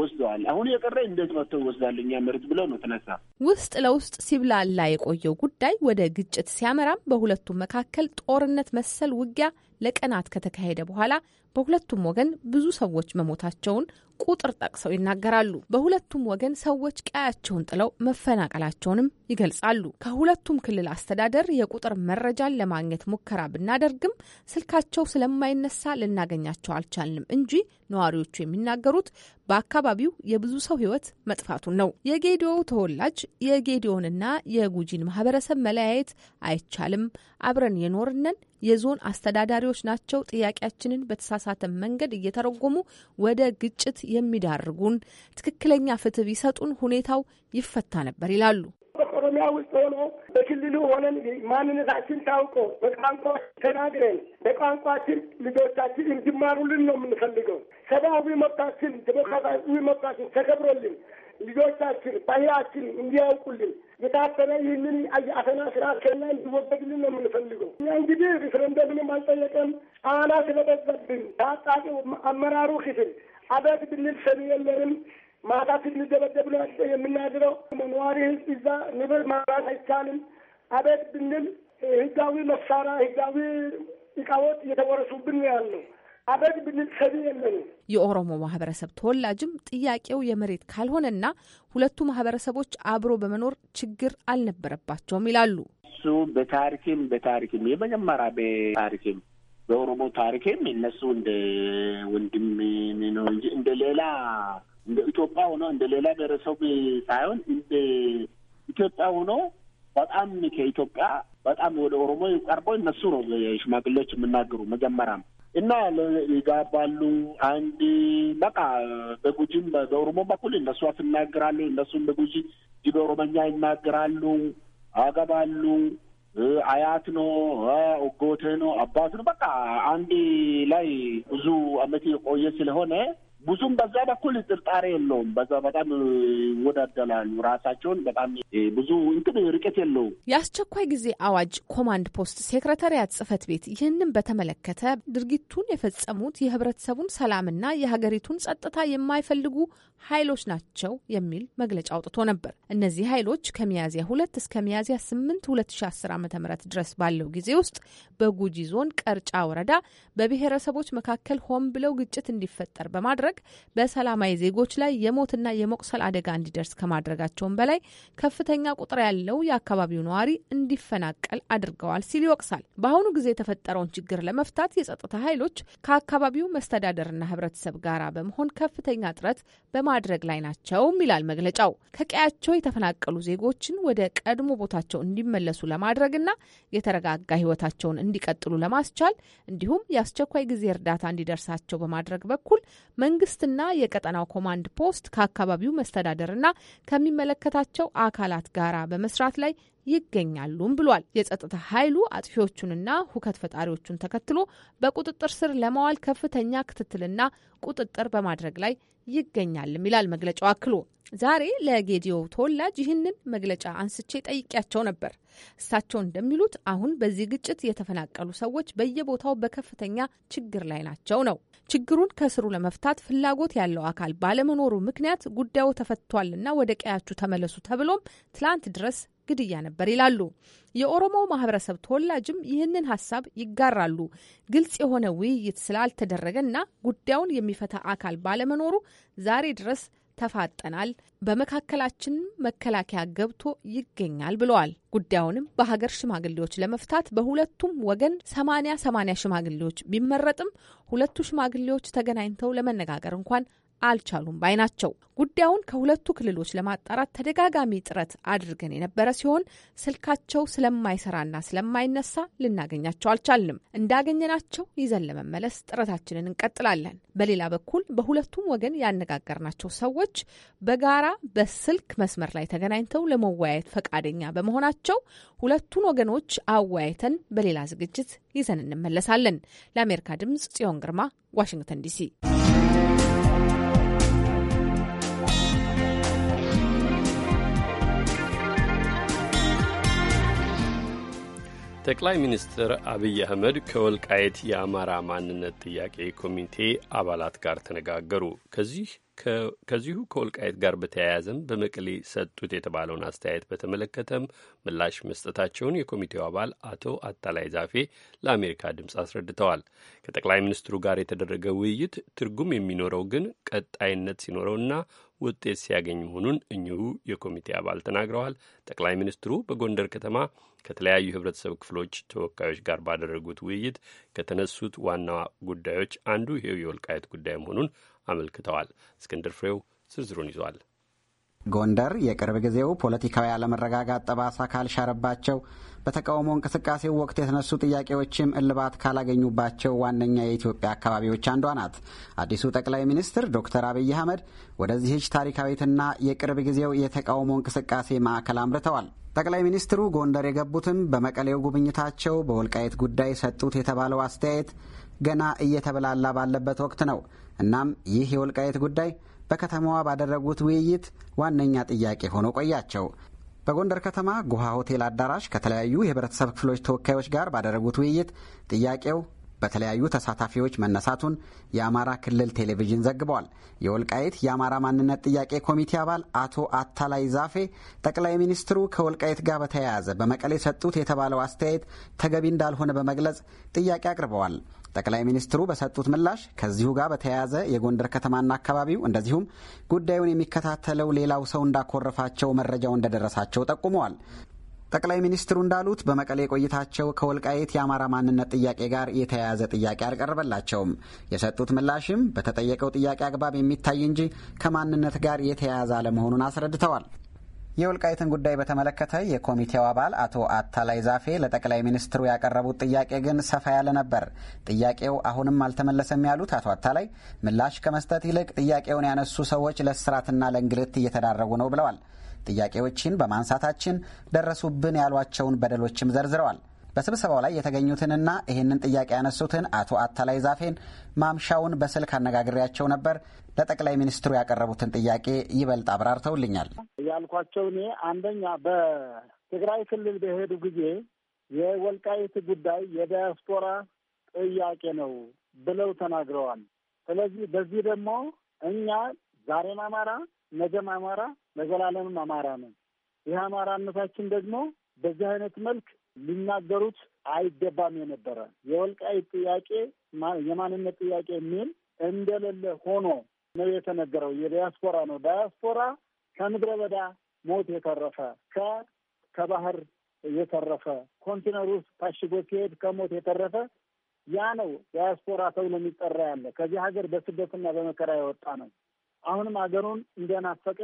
ወስደዋል። አሁን የቀረ እንዴት መጥቶ ይወስዳል እኛ መሬት ብለው ነው ተነሳ። ውስጥ ለውስጥ ሲብላላ የቆየው ጉዳይ ወደ ግጭት ሲያመራም በሁለቱም መካከል ጦርነት መሰል ውጊያ ለቀናት ከተካሄደ በኋላ በሁለቱም ወገን ብዙ ሰዎች መሞታቸውን ቁጥር ጠቅሰው ይናገራሉ። በሁለቱም ወገን ሰዎች ቀያቸውን ጥለው መፈናቀላቸውንም ይገልጻሉ። ከሁለቱም ክልል አስተዳደር የቁጥር መረጃን ለማግኘት ሙከራ ብናደርግም ስልካቸው ስለማይነሳ ልናገኛቸው አልቻልንም እንጂ ነዋሪዎቹ የሚናገሩት በአካባቢው የብዙ ሰው ሕይወት መጥፋቱን ነው። የጌዲዮ ተወላጅ የጌዲዮንና የጉጂን ማህበረሰብ መለያየት አይቻልም፣ አብረን የኖርነን የዞን አስተዳዳሪዎች ናቸው ጥያቄያችንን በተሳሳተ መንገድ እየተረጎሙ ወደ ግጭት የሚዳርጉን። ትክክለኛ ፍትህ ቢሰጡን ሁኔታው ይፈታ ነበር ይላሉ። በኦሮሚያ ውስጥ ሆኖ በክልሉ ሆነን ማንነታችን ታውቆ በቋንቋ ተናግረን በቋንቋችን ልጆቻችን እንዲማሩልን ነው የምንፈልገው። ሰብአዊ መብታችን ዲሞክራሲያዊ መብታችን ተከብሮልን ልጆቻችን ባህላችን እንዲያውቁልን የታፈነ ይህንን አፈና ስርዓት ከና እንዲወገድልን ነው የምንፈልገው። እኛ እንግዲህ ሪፍረንደምንም አልጠየቀም። ጫና ስለበዛብን ታጣቂ አመራሩ ክፍል አበግ ብንል ሰሚ የለንም። ማታ ስንደበደብ ነው የምናድረው። ነዋሪ ህዝብ እዛ ንብር ማራት አይቻልም። አበግ ብንል ህጋዊ መሳሪያ፣ ህጋዊ እቃዎች እየተወረሱብን ነው ያለው። አበግ ብንል ሰሚ የለም። የኦሮሞ ማህበረሰብ ተወላጅም ጥያቄው የመሬት ካልሆነና ሁለቱ ማህበረሰቦች አብሮ በመኖር ችግር አልነበረባቸውም ይላሉ። እሱ በታሪክም በታሪክም የመጀመሪያ በታሪክም በኦሮሞ ታሪክም እነሱ እንደ ወንድም ነው እንጂ እንደ ሌላ እንደ ኢትዮጵያ ሆኖ እንደ ሌላ ብሔረሰብ ሳይሆን እንደ ኢትዮጵያ ሆኖ በጣም ከኢትዮጵያ በጣም ወደ ኦሮሞ ቀርቦ እነሱ ነው ሽማግሌዎች የምናገሩ መጀመሪያም እና ይጋባሉ። አንድ በቃ በጉጂም በኦሮሞ በኩል እነሱ ትናገራሉ፣ እነሱም በጉጂ ጅብ በኦሮመኛ ይናገራሉ። አገባሉ። አያት ነው፣ ኦጎቴ ነው፣ አባት ነው። በቃ አንድ ላይ ብዙ አመት የቆየ ስለሆነ ብዙም በዛ በኩል ጥርጣሬ የለውም። በዛ በጣም ይወዳደላሉ ራሳቸውን በጣም ብዙ እንትን ርቀት የለውም። የአስቸኳይ ጊዜ አዋጅ ኮማንድ ፖስት ሴክረታሪያት ጽህፈት ቤት ይህንን በተመለከተ ድርጊቱን የፈጸሙት የህብረተሰቡን ሰላምና የሀገሪቱን ጸጥታ የማይፈልጉ ኃይሎች ናቸው የሚል መግለጫ አውጥቶ ነበር። እነዚህ ኃይሎች ከሚያዝያ ሁለት እስከ ሚያዝያ ስምንት ሁለት ሺ አስር ዓመተ ምህረት ድረስ ባለው ጊዜ ውስጥ በጉጂ ዞን ቀርጫ ወረዳ በብሔረሰቦች መካከል ሆን ብለው ግጭት እንዲፈጠር በማድረግ በማድረግ በሰላማዊ ዜጎች ላይ የሞትና የመቁሰል አደጋ እንዲደርስ ከማድረጋቸውም በላይ ከፍተኛ ቁጥር ያለው የአካባቢው ነዋሪ እንዲፈናቀል አድርገዋል ሲል ይወቅሳል። በአሁኑ ጊዜ የተፈጠረውን ችግር ለመፍታት የጸጥታ ኃይሎች ከአካባቢው መስተዳደርና ህብረተሰብ ጋራ በመሆን ከፍተኛ ጥረት በማድረግ ላይ ናቸውም ይላል መግለጫው። ከቀያቸው የተፈናቀሉ ዜጎችን ወደ ቀድሞ ቦታቸው እንዲመለሱ ለማድረግና የተረጋጋ ህይወታቸውን እንዲቀጥሉ ለማስቻል እንዲሁም የአስቸኳይ ጊዜ እርዳታ እንዲደርሳቸው በማድረግ በኩል መንግስት መንግስትና የቀጠናው ኮማንድ ፖስት ከአካባቢው መስተዳደርና ከሚመለከታቸው አካላት ጋራ በመስራት ላይ ይገኛሉም ብሏል። የጸጥታ ኃይሉ አጥፊዎቹንና ሁከት ፈጣሪዎቹን ተከትሎ በቁጥጥር ስር ለማዋል ከፍተኛ ክትትልና ቁጥጥር በማድረግ ላይ ይገኛልም ይላል መግለጫው አክሎ። ዛሬ ለጌዲዮ ተወላጅ ይህንን መግለጫ አንስቼ ጠይቄያቸው ነበር። እሳቸው እንደሚሉት አሁን በዚህ ግጭት የተፈናቀሉ ሰዎች በየቦታው በከፍተኛ ችግር ላይ ናቸው ነው። ችግሩን ከስሩ ለመፍታት ፍላጎት ያለው አካል ባለመኖሩ ምክንያት ጉዳዩ ተፈቷልና ወደ ቀያችሁ ተመለሱ ተብሎም ትላንት ድረስ ግድያ ነበር ይላሉ። የኦሮሞ ማህበረሰብ ተወላጅም ይህንን ሀሳብ ይጋራሉ። ግልጽ የሆነ ውይይት ስላልተደረገና ጉዳዩን የሚፈታ አካል ባለመኖሩ ዛሬ ድረስ ተፋጠናል፣ በመካከላችን መከላከያ ገብቶ ይገኛል ብለዋል። ጉዳዩንም በሀገር ሽማግሌዎች ለመፍታት በሁለቱም ወገን ሰማንያ ሰማንያ ሽማግሌዎች ቢመረጥም ሁለቱ ሽማግሌዎች ተገናኝተው ለመነጋገር እንኳን አልቻሉም ባይ ናቸው። ጉዳዩን ከሁለቱ ክልሎች ለማጣራት ተደጋጋሚ ጥረት አድርገን የነበረ ሲሆን ስልካቸው ስለማይሰራና ስለማይነሳ ልናገኛቸው አልቻልንም። እንዳገኘናቸው ይዘን ለመመለስ ጥረታችንን እንቀጥላለን። በሌላ በኩል በሁለቱም ወገን ያነጋገርናቸው ሰዎች በጋራ በስልክ መስመር ላይ ተገናኝተው ለመወያየት ፈቃደኛ በመሆናቸው ሁለቱን ወገኖች አወያይተን በሌላ ዝግጅት ይዘን እንመለሳለን። ለአሜሪካ ድምጽ ጽዮን ግርማ ዋሽንግተን ዲሲ ጠቅላይ ሚኒስትር አብይ አህመድ ከወልቃየት የአማራ ማንነት ጥያቄ ኮሚቴ አባላት ጋር ተነጋገሩ። ከዚህ ከዚሁ ከወልቃየት ጋር በተያያዘም በመቀሌ ሰጡት የተባለውን አስተያየት በተመለከተም ምላሽ መስጠታቸውን የኮሚቴው አባል አቶ አታላይ ዛፌ ለአሜሪካ ድምፅ አስረድተዋል። ከጠቅላይ ሚኒስትሩ ጋር የተደረገ ውይይት ትርጉም የሚኖረው ግን ቀጣይነት ሲኖረውና ውጤት ሲያገኝ መሆኑን እኚሁ የኮሚቴ አባል ተናግረዋል። ጠቅላይ ሚኒስትሩ በጎንደር ከተማ ከተለያዩ የህብረተሰብ ክፍሎች ተወካዮች ጋር ባደረጉት ውይይት ከተነሱት ዋና ጉዳዮች አንዱ ይሄው የወልቃየት ጉዳይ መሆኑን አመልክተዋል። እስክንድር ፍሬው ዝርዝሩን ይዟል። ጎንደር የቅርብ ጊዜው ፖለቲካዊ አለመረጋጋት ጠባሳ ካልሻረባቸው በተቃውሞ እንቅስቃሴው ወቅት የተነሱ ጥያቄዎችም እልባት ካላገኙባቸው ዋነኛ የኢትዮጵያ አካባቢዎች አንዷ ናት። አዲሱ ጠቅላይ ሚኒስትር ዶክተር አብይ አህመድ ወደዚህች ታሪካዊትና የቅርብ ጊዜው የተቃውሞ እንቅስቃሴ ማዕከል አምርተዋል። ጠቅላይ ሚኒስትሩ ጎንደር የገቡትም በመቀሌው ጉብኝታቸው በወልቃየት ጉዳይ ሰጡት የተባለው አስተያየት ገና እየተበላላ ባለበት ወቅት ነው። እናም ይህ የወልቃየት ጉዳይ በከተማዋ ባደረጉት ውይይት ዋነኛ ጥያቄ ሆኖ ቆያቸው። በጎንደር ከተማ ጉሃ ሆቴል አዳራሽ ከተለያዩ የህብረተሰብ ክፍሎች ተወካዮች ጋር ባደረጉት ውይይት ጥያቄው በተለያዩ ተሳታፊዎች መነሳቱን የአማራ ክልል ቴሌቪዥን ዘግቧል። የወልቃይት የአማራ ማንነት ጥያቄ ኮሚቴ አባል አቶ አታላይ ዛፌ ጠቅላይ ሚኒስትሩ ከወልቃይት ጋር በተያያዘ በመቀሌ ሰጡት የተባለው አስተያየት ተገቢ እንዳልሆነ በመግለጽ ጥያቄ አቅርበዋል። ጠቅላይ ሚኒስትሩ በሰጡት ምላሽ ከዚሁ ጋር በተያያዘ የጎንደር ከተማና አካባቢው እንደዚሁም ጉዳዩን የሚከታተለው ሌላው ሰው እንዳኮረፋቸው መረጃው እንደደረሳቸው ጠቁመዋል። ጠቅላይ ሚኒስትሩ እንዳሉት በመቀሌ ቆይታቸው ከወልቃይት የአማራ ማንነት ጥያቄ ጋር የተያያዘ ጥያቄ አልቀረበላቸውም። የሰጡት ምላሽም በተጠየቀው ጥያቄ አግባብ የሚታይ እንጂ ከማንነት ጋር የተያያዘ አለመሆኑን አስረድተዋል። የወልቃይትን ጉዳይ በተመለከተ የኮሚቴው አባል አቶ አታላይ ዛፌ ለጠቅላይ ሚኒስትሩ ያቀረቡት ጥያቄ ግን ሰፋ ያለ ነበር። ጥያቄው አሁንም አልተመለሰም ያሉት አቶ አታላይ ምላሽ ከመስጠት ይልቅ ጥያቄውን ያነሱ ሰዎች ለእስራትና ለእንግልት እየተዳረጉ ነው ብለዋል። ጥያቄዎችን በማንሳታችን ደረሱብን ያሏቸውን በደሎችም ዘርዝረዋል። በስብሰባው ላይ የተገኙትንና ይህንን ጥያቄ ያነሱትን አቶ አታላይ ዛፌን ማምሻውን በስልክ አነጋግሬያቸው ነበር። ለጠቅላይ ሚኒስትሩ ያቀረቡትን ጥያቄ ይበልጥ አብራርተውልኛል። ያልኳቸው እኔ አንደኛ በትግራይ ክልል በሄዱ ጊዜ የወልቃይት ጉዳይ የዲያስፖራ ጥያቄ ነው ብለው ተናግረዋል። ስለዚህ በዚህ ደግሞ እኛ ዛሬም አማራ፣ ነገም አማራ፣ ለዘላለምም አማራ ነው። ይህ አማራነታችን ደግሞ በዚህ አይነት መልክ ሊናገሩት አይገባም የነበረ የወልቃይት ጥያቄ የማንነት ጥያቄ የሚል እንደሌለ ሆኖ ነው የተነገረው። የዲያስፖራ ነው። ዲያስፖራ ከምድረ በዳ ሞት የተረፈ ከ ከባህር የተረፈ ኮንቴነር ውስጥ ታሽጎ ሲሄድ ከሞት የተረፈ ያ ነው ዲያስፖራ ተብሎ የሚጠራ ያለ ከዚህ ሀገር በስደትና በመከራ የወጣ ነው። አሁንም ሀገሩን እንደናፈቀ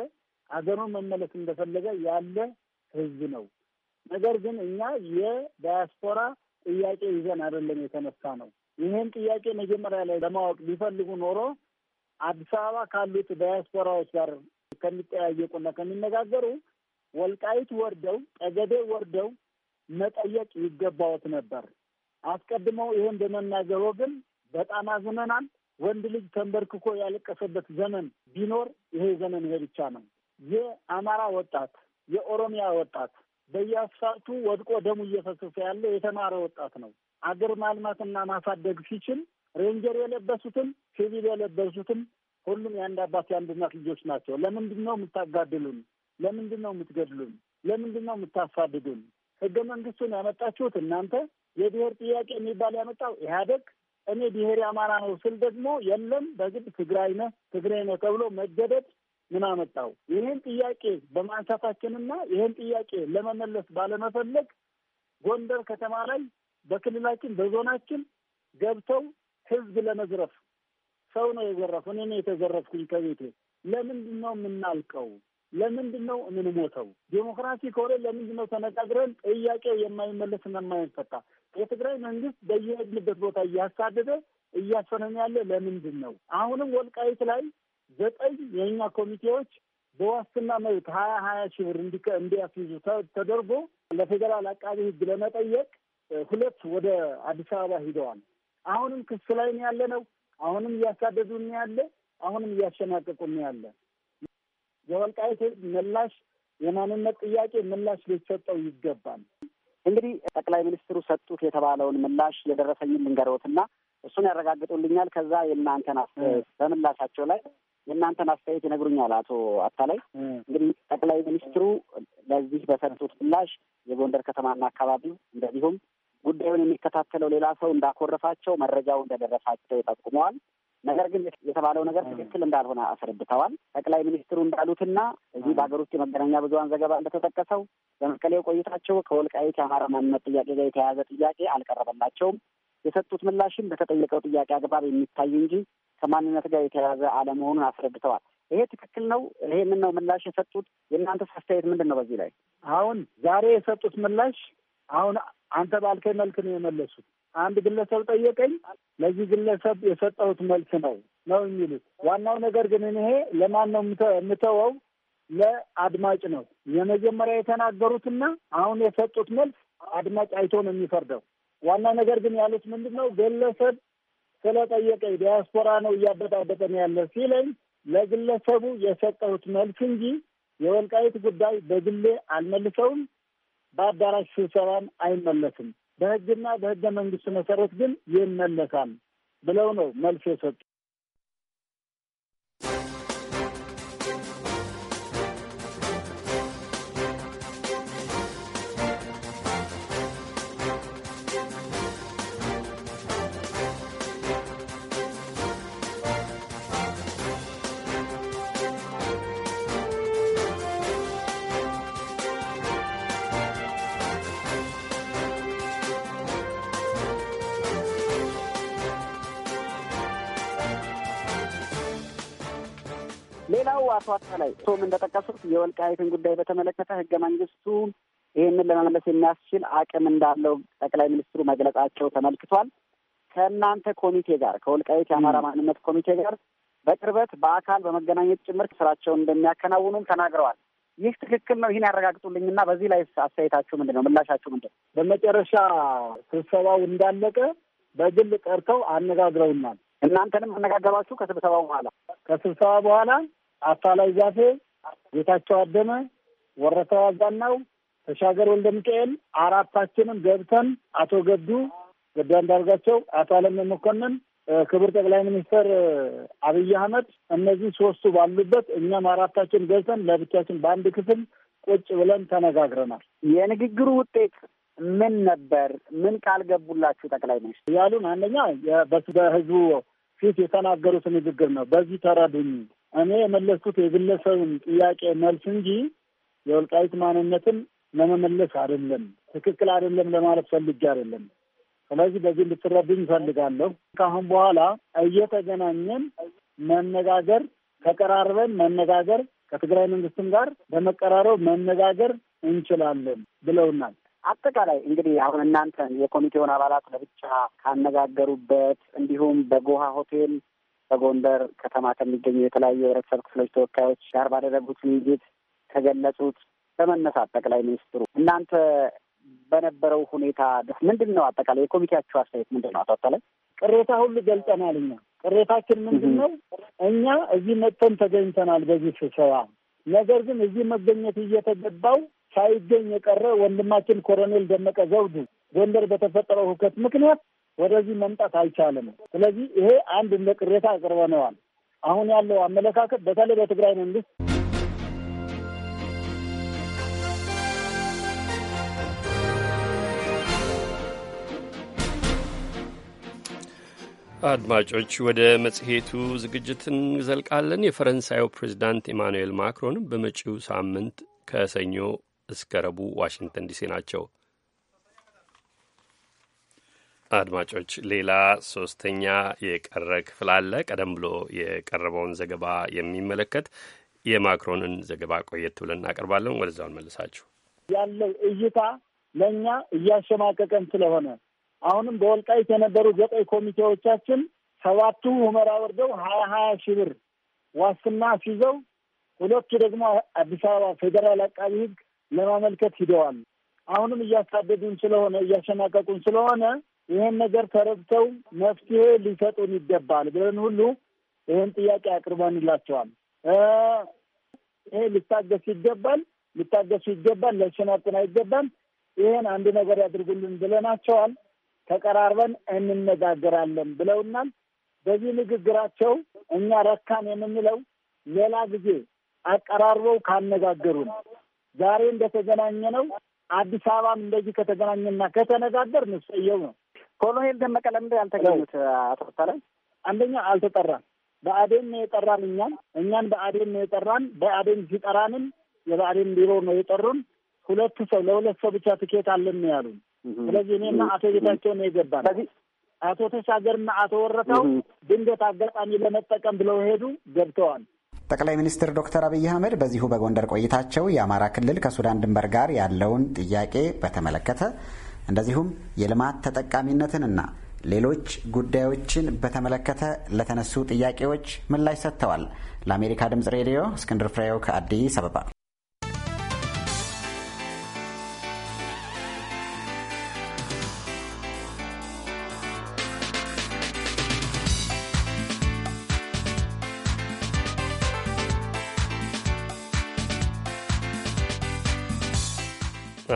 ሀገሩን መመለስ እንደፈለገ ያለ ህዝብ ነው። ነገር ግን እኛ የዳያስፖራ ጥያቄ ይዘን አይደለም የተነሳ ነው። ይህን ጥያቄ መጀመሪያ ላይ ለማወቅ ቢፈልጉ ኖሮ አዲስ አበባ ካሉት ዳያስፖራዎች ጋር ከሚጠያየቁና ከሚነጋገሩ ወልቃይት ወርደው ጠገዴ ወርደው መጠየቅ ይገባዎት ነበር። አስቀድመው ይህን በመናገሮ ግን በጣም አዝነናል። ወንድ ልጅ ተንበርክኮ ያለቀሰበት ዘመን ቢኖር ይሄ ዘመን ይሄ ብቻ ነው። የአማራ ወጣት፣ የኦሮሚያ ወጣት በየአስፋልቱ ወድቆ ደሙ እየፈሰሰ ያለ የተማረ ወጣት ነው። አገር ማልማትና ማሳደግ ሲችል ሬንጀር የለበሱትም ሲቪል የለበሱትም ሁሉም የአንድ አባት የአንድ እናት ልጆች ናቸው። ለምንድን ነው የምታጋድሉን? ለምንድን ነው የምትገድሉን? ለምንድን ነው የምታሳድዱን? ህገ መንግስቱን ያመጣችሁት እናንተ። የብሔር ጥያቄ የሚባል ያመጣው ኢህአደግ። እኔ ብሔር የአማራ ነው ስል ደግሞ የለም በግድ ትግራይ ነህ ትግሬ ነህ ተብሎ መገደድ ምን አመጣው? ይህን ጥያቄ በማንሳታችንና ይህን ጥያቄ ለመመለስ ባለመፈለግ ጎንደር ከተማ ላይ በክልላችን በዞናችን ገብተው ህዝብ ለመዝረፍ ሰው ነው የዘረፍ፣ እኔ ነው የተዘረፍኩኝ ከቤቴ። ለምንድን ነው የምናልቀው? ለምንድን ነው የምንሞተው? ዴሞክራሲ ከሆነ ለምንድን ነው ተነጋግረን ጥያቄ የማይመለስና የማይፈታ? የትግራይ መንግስት በየሄድንበት ቦታ እያሳደደ እያፈነን ያለ ለምንድን ነው? አሁንም ወልቃይት ላይ ዘጠኝ የእኛ ኮሚቴዎች በዋስትና መብት ሀያ ሀያ ሺህ ብር እንዲያስይዙ ተደርጎ ለፌዴራል አቃቢ ህግ ለመጠየቅ ሁለት ወደ አዲስ አበባ ሂደዋል። አሁንም ክስ ላይ ነው ያለ ነው። አሁንም እያሳደዱ ነው ያለ፣ አሁንም እያሸናቀቁ ነው ያለ። የወልቃይት ምላሽ የማንነት ጥያቄ ምላሽ ሊሰጠው ይገባል። እንግዲህ ጠቅላይ ሚኒስትሩ ሰጡት የተባለውን ምላሽ የደረሰኝን ልንገረውትና እሱን ያረጋግጡልኛል። ከዛ የእናንተን በምላሻቸው ላይ የእናንተን አስተያየት ይነግሩኛል። አቶ አታላይ እንግዲህ ጠቅላይ ሚኒስትሩ ለዚህ በሰጡት ምላሽ የጎንደር ከተማና አካባቢው እንደዚሁም ጉዳዩን የሚከታተለው ሌላ ሰው እንዳኮረፋቸው መረጃው እንደደረሳቸው ጠቁመዋል። ነገር ግን የተባለው ነገር ትክክል እንዳልሆነ አስረድተዋል። ጠቅላይ ሚኒስትሩ እንዳሉትና እዚህ በሀገር ውስጥ የመገናኛ ብዙኃን ዘገባ እንደተጠቀሰው በመቀሌው ቆይታቸው ከወልቃይት የአማራ ማንነት ጥያቄ ጋር የተያያዘ ጥያቄ አልቀረበላቸውም። የሰጡት ምላሽም በተጠየቀው ጥያቄ አግባብ የሚታይ እንጂ ከማንነት ጋር የተያያዘ አለመሆኑን አስረድተዋል። ይሄ ትክክል ነው። ይሄንን ነው ምላሽ የሰጡት። የእናንተ አስተያየት ምንድን ነው በዚህ ላይ? አሁን ዛሬ የሰጡት ምላሽ አሁን አንተ ባልከኝ መልክ ነው የመለሱት። አንድ ግለሰብ ጠየቀኝ፣ ለዚህ ግለሰብ የሰጠሁት መልክ ነው ነው የሚሉት። ዋናው ነገር ግን ይሄ ለማን ነው የምተወው? ለአድማጭ ነው። የመጀመሪያ የተናገሩትና አሁን የሰጡት መልስ አድማጭ አይቶ ነው የሚፈርደው። ዋናው ነገር ግን ያሉት ምንድን ነው? ግለሰብ ስለጠየቀኝ ዲያስፖራ ነው እያበጣበጠን ያለ ሲለኝ ለግለሰቡ የሰጠሁት መልስ እንጂ የወልቃይት ጉዳይ በግሌ አልመልሰውም። በአዳራሽ ስብሰባም አይመለስም። በህግና በህገ መንግስት መሰረት ግን ይመለሳል ብለው ነው መልስ የሰጡ። ሌላው አቶ አታላይ ቶም እንደጠቀሱት የወልቃይትን ጉዳይ በተመለከተ ህገ መንግስቱ ይህንን ለመመለስ የሚያስችል አቅም እንዳለው ጠቅላይ ሚኒስትሩ መግለጻቸው ተመልክቷል። ከእናንተ ኮሚቴ ጋር ከወልቃይት የአማራ ማንነት ኮሚቴ ጋር በቅርበት በአካል በመገናኘት ጭምር ስራቸውን እንደሚያከናውኑም ተናግረዋል። ይህ ትክክል ነው? ይህን ያረጋግጡልኝና በዚህ ላይ አስተያየታችሁ ምንድን ነው? ምላሻችሁ ምንድን ነው? በመጨረሻ ስብሰባው እንዳለቀ በግል ጠርተው አነጋግረውናል። እናንተንም አነጋገሯችሁ? ከስብሰባው በኋላ ከስብሰባ በኋላ አፋላይ ዛፌ፣ ጌታቸው አደመ፣ ወረታ ዋዛናው፣ ተሻገር ወልደ ሚካኤል አራታችንም ገብተን አቶ ገዱ ገዱ አንዳርጋቸው፣ አቶ አለም መኮንን፣ ክብር ጠቅላይ ሚኒስትር አብይ አህመድ እነዚህ ሶስቱ ባሉበት እኛም አራታችን ገብተን ለብቻችን በአንድ ክፍል ቁጭ ብለን ተነጋግረናል። የንግግሩ ውጤት ምን ነበር? ምን ቃል ገቡላችሁ ጠቅላይ ሚኒስትር? ያሉን አንደኛ በህዝቡ ፊት የተናገሩት ንግግር ነው። በዚህ ተረዱኝ እኔ የመለስኩት የግለሰብን ጥያቄ መልስ እንጂ የወልቃይት ማንነትን ለመመለስ አይደለም፣ ትክክል አይደለም ለማለት ፈልጌ አይደለም። ስለዚህ በዚህ እንድትረዱኝ እፈልጋለሁ። ከአሁን በኋላ እየተገናኘን መነጋገር፣ ተቀራርበን መነጋገር፣ ከትግራይ መንግስትም ጋር በመቀራረብ መነጋገር እንችላለን ብለውናል። አጠቃላይ እንግዲህ አሁን እናንተን የኮሚቴውን አባላት ለብቻ ካነጋገሩበት እንዲሁም በጎሃ ሆቴል በጎንደር ከተማ ከሚገኙ የተለያዩ የህብረተሰብ ክፍሎች ተወካዮች ጋር ባደረጉት ውይይት ከገለጹት በመነሳት ጠቅላይ ሚኒስትሩ እናንተ በነበረው ሁኔታ ምንድን ነው አጠቃላይ የኮሚቴያችሁ አስተያየት ምንድን ነው? አቶ ቅሬታ ሁሉ ገልጠናል እኛ ቅሬታችን ምንድን ነው? እኛ እዚህ መጥተን ተገኝተናል በዚህ ስብሰባ። ነገር ግን እዚህ መገኘት እየተገባው ሳይገኝ የቀረ ወንድማችን ኮሎኔል ደመቀ ዘውዱ ጎንደር በተፈጠረው ሁከት ምክንያት ወደዚህ መምጣት አልቻለም። ስለዚህ ይሄ አንድ እንደ ቅሬታ አቅርበነዋል። አሁን ያለው አመለካከት በተለይ በትግራይ መንግስት አድማጮች ወደ መጽሔቱ ዝግጅት እንዘልቃለን። የፈረንሳዩ ፕሬዚዳንት ኢማኑኤል ማክሮን በመጪው ሳምንት ከሰኞ እስከ ረቡዕ ዋሽንግተን ዲሲ ናቸው። አድማጮች ሌላ ሶስተኛ የቀረ ክፍል አለ። ቀደም ብሎ የቀረበውን ዘገባ የሚመለከት የማክሮንን ዘገባ ቆየት ብለን እናቀርባለን። ወደዛው እንመልሳችሁ። ያለው እይታ ለእኛ እያሸማቀቀን ስለሆነ አሁንም በወልቃይት የነበሩ ዘጠኝ ኮሚቴዎቻችን ሰባቱ ሁመራ ወርደው ሀያ ሀያ ሺህ ብር ዋስትና ሲይዘው ሁለቱ ደግሞ አዲስ አበባ ፌዴራል አቃቢ ሕግ ለማመልከት ሂደዋል። አሁንም እያሳደዱን ስለሆነ እያሸማቀቁን ስለሆነ ይህን ነገር ተረድተው መፍትሄ ሊሰጡን ይገባል ብለን ሁሉ ይህን ጥያቄ ይላቸዋል። ይሄ ሊታገሱ ይገባል፣ ሊታገሱ ይገባል፣ ሊያሸማቅቁን አይገባም። ይህን አንድ ነገር ያድርጉልን ብለናቸዋል። ተቀራርበን እንነጋገራለን ብለውናል። በዚህ ንግግራቸው እኛ ረካን የምንለው ሌላ ጊዜ አቀራርበው ካነጋገሩ ዛሬ እንደተገናኘ ነው። አዲስ አበባም እንደዚህ ከተገናኘና ከተነጋገር ንሰየው ነው። ኮሎኔል ደመቀ ለምንድን ያልተገኙት? አቶ ታላይ አንደኛ አልተጠራም። በአዴን ነው የጠራን እኛን እኛን በአዴን ነው የጠራን። በአዴን ሲጠራንም የበአዴን ቢሮ ነው የጠሩን። ሁለት ሰው ለሁለት ሰው ብቻ ትኬት አለን ነው ያሉን። ስለዚህ እኔና አቶ ጌታቸው ነው የገባን። አቶ ተሻገርና አቶ ወረታው ድንገት አጋጣሚ ለመጠቀም ብለው ሄዱ፣ ገብተዋል። ጠቅላይ ሚኒስትር ዶክተር አብይ አህመድ በዚሁ በጎንደር ቆይታቸው የአማራ ክልል ከሱዳን ድንበር ጋር ያለውን ጥያቄ በተመለከተ እንደዚሁም የልማት ተጠቃሚነትንና ሌሎች ጉዳዮችን በተመለከተ ለተነሱ ጥያቄዎች ምላሽ ሰጥተዋል። ለአሜሪካ ድምጽ ሬዲዮ እስክንድር ፍሬው ከአዲስ አበባ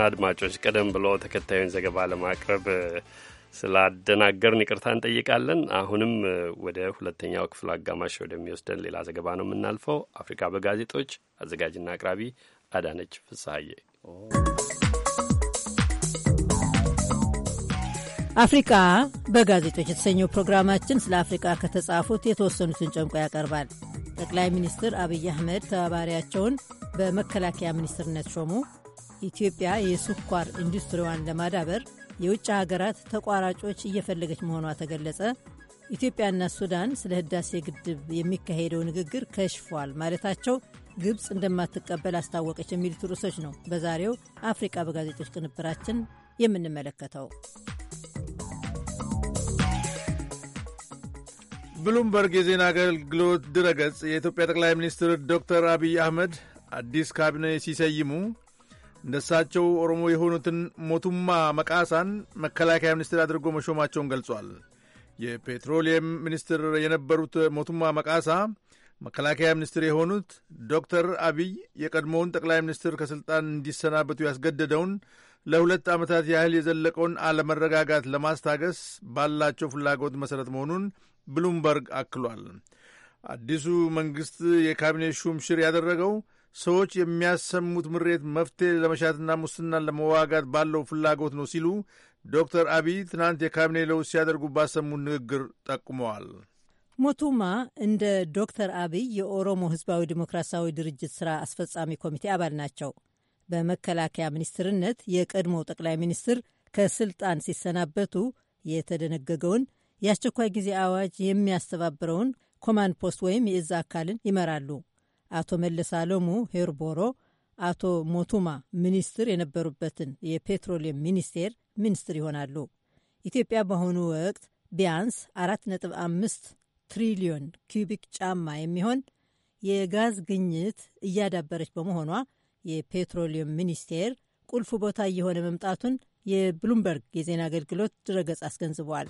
አድማጮች ቀደም ብሎ ተከታዩን ዘገባ ለማቅረብ ስላደናገርን ይቅርታ እንጠይቃለን። አሁንም ወደ ሁለተኛው ክፍል አጋማሽ ወደሚወስደን ሌላ ዘገባ ነው የምናልፈው። አፍሪካ በጋዜጦች አዘጋጅና አቅራቢ አዳነች ፍስሐዬ። አፍሪቃ በጋዜጦች የተሰኘው ፕሮግራማችን ስለ አፍሪካ ከተጻፉት የተወሰኑትን ጨምቆ ያቀርባል። ጠቅላይ ሚኒስትር አብይ አህመድ ተባባሪያቸውን በመከላከያ ሚኒስትርነት ሾሙ። ኢትዮጵያ የስኳር ኢንዱስትሪዋን ለማዳበር የውጭ ሀገራት ተቋራጮች እየፈለገች መሆኗ ተገለጸ፣ ኢትዮጵያና ሱዳን ስለ ህዳሴ ግድብ የሚካሄደው ንግግር ከሽፏል ማለታቸው ግብፅ እንደማትቀበል አስታወቀች የሚሉት ርዕሶች ነው በዛሬው አፍሪቃ በጋዜጦች ቅንብራችን የምንመለከተው። ብሉምበርግ የዜና አገልግሎት ድረገጽ የኢትዮጵያ ጠቅላይ ሚኒስትር ዶክተር አብይ አህመድ አዲስ ካቢኔ ሲሰይሙ እንደሳቸው ኦሮሞ የሆኑትን ሞቱማ መቃሳን መከላከያ ሚኒስትር አድርጎ መሾማቸውን ገልጿል። የፔትሮሊየም ሚኒስትር የነበሩት ሞቱማ መቃሳ መከላከያ ሚኒስትር የሆኑት ዶክተር አብይ የቀድሞውን ጠቅላይ ሚኒስትር ከሥልጣን እንዲሰናበቱ ያስገደደውን ለሁለት ዓመታት ያህል የዘለቀውን አለመረጋጋት ለማስታገስ ባላቸው ፍላጎት መሠረት መሆኑን ብሉምበርግ አክሏል። አዲሱ መንግሥት የካቢኔ ሹምሽር ያደረገው ሰዎች የሚያሰሙት ምሬት መፍትሄ ለመሻትና ሙስናን ለመዋጋት ባለው ፍላጎት ነው ሲሉ ዶክተር አብይ ትናንት የካቢኔ ለውጥ ሲያደርጉ ባሰሙት ንግግር ጠቁመዋል። ሞቱማ እንደ ዶክተር አብይ የኦሮሞ ህዝባዊ ዲሞክራሲያዊ ድርጅት ስራ አስፈጻሚ ኮሚቴ አባል ናቸው። በመከላከያ ሚኒስትርነት የቀድሞ ጠቅላይ ሚኒስትር ከስልጣን ሲሰናበቱ የተደነገገውን የአስቸኳይ ጊዜ አዋጅ የሚያስተባብረውን ኮማንድ ፖስት ወይም የእዝ አካልን ይመራሉ። አቶ መለስ አለሙ ሄርቦሮ አቶ ሞቱማ ሚኒስትር የነበሩበትን የፔትሮሊየም ሚኒስቴር ሚኒስትር ይሆናሉ። ኢትዮጵያ በአሁኑ ወቅት ቢያንስ 4.5 ትሪሊዮን ኪዩቢክ ጫማ የሚሆን የጋዝ ግኝት እያዳበረች በመሆኗ የፔትሮሊየም ሚኒስቴር ቁልፍ ቦታ እየሆነ መምጣቱን የብሉምበርግ የዜና አገልግሎት ድረገጽ አስገንዝቧል።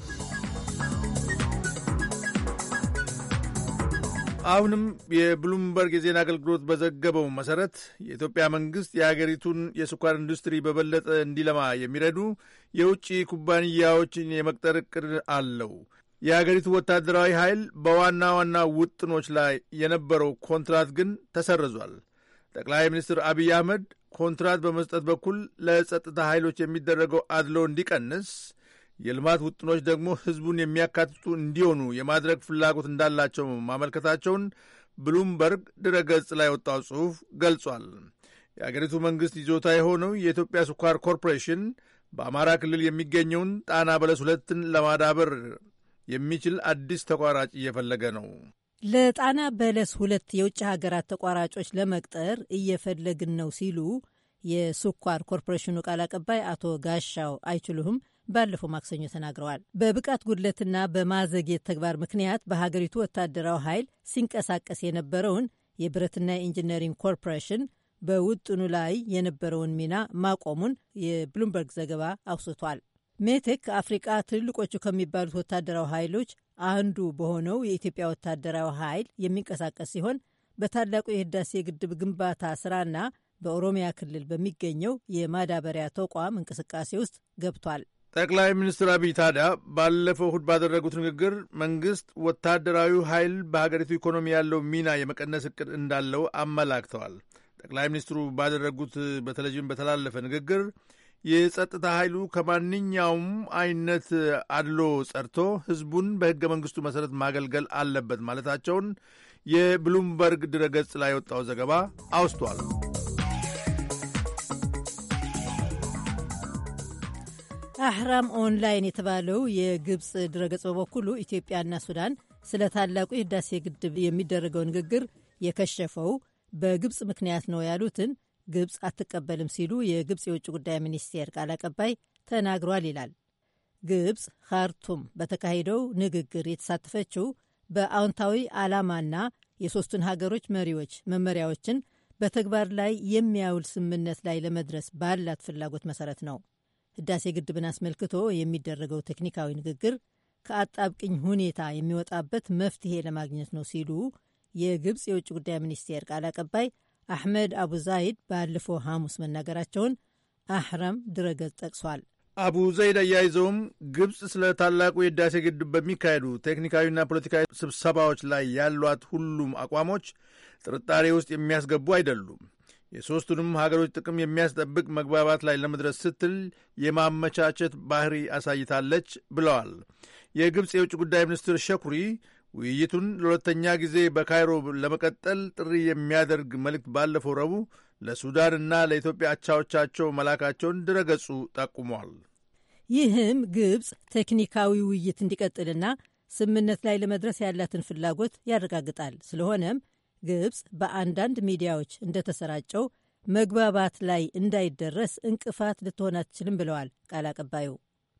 አሁንም የብሉምበርግ የዜና አገልግሎት በዘገበው መሰረት የኢትዮጵያ መንግስት የአገሪቱን የስኳር ኢንዱስትሪ በበለጠ እንዲለማ የሚረዱ የውጭ ኩባንያዎችን የመቅጠር እቅድ አለው። የአገሪቱ ወታደራዊ ኃይል በዋና ዋና ውጥኖች ላይ የነበረው ኮንትራት ግን ተሰርዟል። ጠቅላይ ሚኒስትር አብይ አህመድ ኮንትራት በመስጠት በኩል ለጸጥታ ኃይሎች የሚደረገው አድሎ እንዲቀንስ የልማት ውጥኖች ደግሞ ህዝቡን የሚያካትቱ እንዲሆኑ የማድረግ ፍላጎት እንዳላቸው ማመልከታቸውን ብሉምበርግ ድረገጽ ላይ ወጣው ጽሑፍ ገልጿል። የአገሪቱ መንግሥት ይዞታ የሆነው የኢትዮጵያ ስኳር ኮርፖሬሽን በአማራ ክልል የሚገኘውን ጣና በለስ ሁለትን ለማዳበር የሚችል አዲስ ተቋራጭ እየፈለገ ነው። ለጣና በለስ ሁለት የውጭ ሀገራት ተቋራጮች ለመቅጠር እየፈለግን ነው ሲሉ የስኳር ኮርፖሬሽኑ ቃል አቀባይ አቶ ጋሻው አይችሉህም ባለፈው ማክሰኞ ተናግረዋል። በብቃት ጉድለትና በማዘግየት ተግባር ምክንያት በሀገሪቱ ወታደራዊ ኃይል ሲንቀሳቀስ የነበረውን የብረትና የኢንጂነሪንግ ኮርፖሬሽን በውጥኑ ላይ የነበረውን ሚና ማቆሙን የብሉምበርግ ዘገባ አውስቷል። ሜቴክ አፍሪቃ ትልልቆቹ ከሚባሉት ወታደራዊ ኃይሎች አንዱ በሆነው የኢትዮጵያ ወታደራዊ ኃይል የሚንቀሳቀስ ሲሆን በታላቁ የህዳሴ ግድብ ግንባታ ስራና በኦሮሚያ ክልል በሚገኘው የማዳበሪያ ተቋም እንቅስቃሴ ውስጥ ገብቷል። ጠቅላይ ሚኒስትር አብይ ታዲያ ባለፈው እሁድ ባደረጉት ንግግር መንግስት ወታደራዊ ኃይል በሀገሪቱ ኢኮኖሚ ያለው ሚና የመቀነስ እቅድ እንዳለው አመላክተዋል። ጠቅላይ ሚኒስትሩ ባደረጉት በቴሌቪዥን በተላለፈ ንግግር የጸጥታ ኃይሉ ከማንኛውም አይነት አድሎ ጸድቶ ህዝቡን በሕገ መንግስቱ መሠረት ማገልገል አለበት ማለታቸውን የብሉምበርግ ድረገጽ ላይ የወጣው ዘገባ አውስቷል። አህራም ኦንላይን የተባለው የግብፅ ድረገጽ በበኩሉ ኢትዮጵያና ሱዳን ስለ ታላቁ የህዳሴ ግድብ የሚደረገው ንግግር የከሸፈው በግብፅ ምክንያት ነው ያሉትን ግብፅ አትቀበልም ሲሉ የግብፅ የውጭ ጉዳይ ሚኒስቴር ቃል አቀባይ ተናግሯል ይላል። ግብፅ ካርቱም በተካሄደው ንግግር የተሳተፈችው በአዎንታዊ ዓላማና የሦስቱን ሀገሮች መሪዎች መመሪያዎችን በተግባር ላይ የሚያውል ስምምነት ላይ ለመድረስ ባላት ፍላጎት መሰረት ነው። ህዳሴ ግድብን አስመልክቶ የሚደረገው ቴክኒካዊ ንግግር ከአጣብቅኝ ሁኔታ የሚወጣበት መፍትሄ ለማግኘት ነው ሲሉ የግብፅ የውጭ ጉዳይ ሚኒስቴር ቃል አቀባይ አሕመድ አቡ ዛይድ ባለፈው ሐሙስ መናገራቸውን አህረም ድረገጽ ጠቅሷል። አቡ ዘይድ አያይዘውም ግብፅ ስለ ታላቁ የህዳሴ ግድብ በሚካሄዱ ቴክኒካዊና ፖለቲካዊ ስብሰባዎች ላይ ያሏት ሁሉም አቋሞች ጥርጣሬ ውስጥ የሚያስገቡ አይደሉም የሦስቱንም ሀገሮች ጥቅም የሚያስጠብቅ መግባባት ላይ ለመድረስ ስትል የማመቻቸት ባህሪ አሳይታለች ብለዋል። የግብፅ የውጭ ጉዳይ ሚኒስትር ሸኩሪ ውይይቱን ለሁለተኛ ጊዜ በካይሮ ለመቀጠል ጥሪ የሚያደርግ መልእክት ባለፈው ረቡዕ ለሱዳንና ለኢትዮጵያ አቻዎቻቸው መላካቸውን ድረገጹ ጠቁሟል። ይህም ግብፅ ቴክኒካዊ ውይይት እንዲቀጥልና ስምምነት ላይ ለመድረስ ያላትን ፍላጎት ያረጋግጣል። ስለሆነም ግብፅ በአንዳንድ ሚዲያዎች እንደተሰራጨው መግባባት ላይ እንዳይደረስ እንቅፋት ልትሆን አትችልም ብለዋል ቃል አቀባዩ።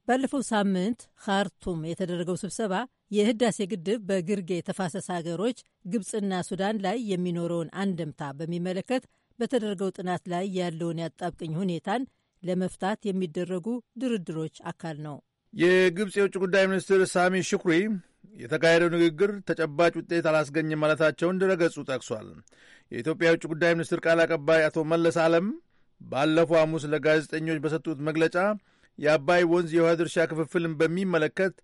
ባለፈው ሳምንት ካርቱም የተደረገው ስብሰባ የህዳሴ ግድብ በግርጌ ተፋሰስ ሀገሮች ግብፅና ሱዳን ላይ የሚኖረውን አንድምታ በሚመለከት በተደረገው ጥናት ላይ ያለውን ያጣብቅኝ ሁኔታን ለመፍታት የሚደረጉ ድርድሮች አካል ነው። የግብፅ የውጭ ጉዳይ ሚኒስትር ሳሚ ሽኩሪ የተካሄደው ንግግር ተጨባጭ ውጤት አላስገኝም ማለታቸውን ድረገጹ ጠቅሷል። የኢትዮጵያ የውጭ ጉዳይ ሚኒስትር ቃል አቀባይ አቶ መለስ አለም ባለፈው ሐሙስ ለጋዜጠኞች በሰጡት መግለጫ የአባይ ወንዝ የውሃ ድርሻ ክፍፍልን በሚመለከት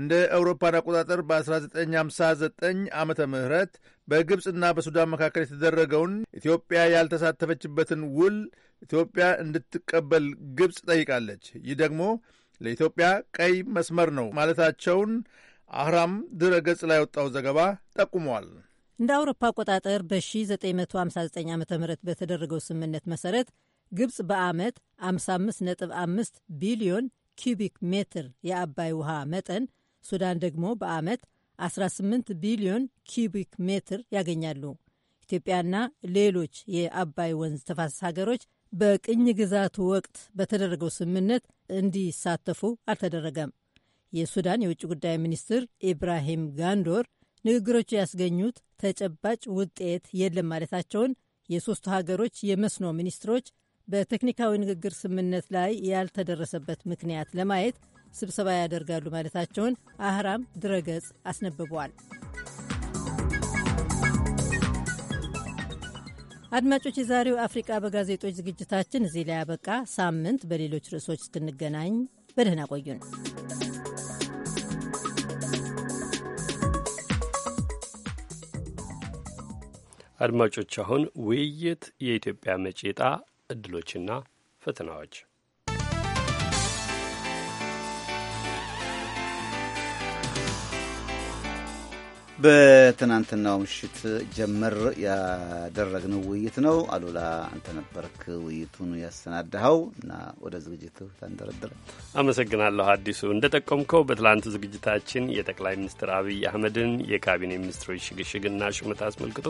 እንደ አውሮፓን አቆጣጠር በ1959 ዓመተ ምህረት በግብፅና በሱዳን መካከል የተደረገውን ኢትዮጵያ ያልተሳተፈችበትን ውል ኢትዮጵያ እንድትቀበል ግብፅ ጠይቃለች። ይህ ደግሞ ለኢትዮጵያ ቀይ መስመር ነው ማለታቸውን አህራም ድረ ገጽ ላይ ወጣው ዘገባ ጠቁሟል። እንደ አውሮፓ አቆጣጠር በ1959 ዓ ም በተደረገው ስምምነት መሰረት ግብፅ በዓመት 55.5 ቢሊዮን ኪቢክ ሜትር የአባይ ውሃ መጠን፣ ሱዳን ደግሞ በዓመት 18 ቢሊዮን ኪቢክ ሜትር ያገኛሉ። ኢትዮጵያና ሌሎች የአባይ ወንዝ ተፋሰስ ሀገሮች በቅኝ ግዛቱ ወቅት በተደረገው ስምምነት እንዲሳተፉ አልተደረገም። የሱዳን የውጭ ጉዳይ ሚኒስትር ኢብራሂም ጋንዶር ንግግሮቹ ያስገኙት ተጨባጭ ውጤት የለም ማለታቸውን የሦስቱ ሀገሮች የመስኖ ሚኒስትሮች በቴክኒካዊ ንግግር ስምምነት ላይ ያልተደረሰበት ምክንያት ለማየት ስብሰባ ያደርጋሉ ማለታቸውን አህራም ድረገጽ አስነብበዋል። አድማጮች፣ የዛሬው አፍሪቃ በጋዜጦች ዝግጅታችን እዚህ ላይ ያበቃ። ሳምንት በሌሎች ርዕሶች እስክንገናኝ በደህና ቆዩን። አድማጮች አሁን ውይይት የኢትዮጵያ መጪ ዕጣ እድሎችና ፈተናዎች በትናንትናው ምሽት ጀመር ያደረግነው ውይይት ነው። አሉላ አንተ ነበርክ ውይይቱን ያሰናዳኸው እና ወደ ዝግጅት ታንደረድረ። አመሰግናለሁ አዲሱ። እንደጠቀምከው በትላንቱ ዝግጅታችን የጠቅላይ ሚኒስትር አብይ አህመድን የካቢኔ ሚኒስትሮች ሽግሽግና ሹመት አስመልክቶ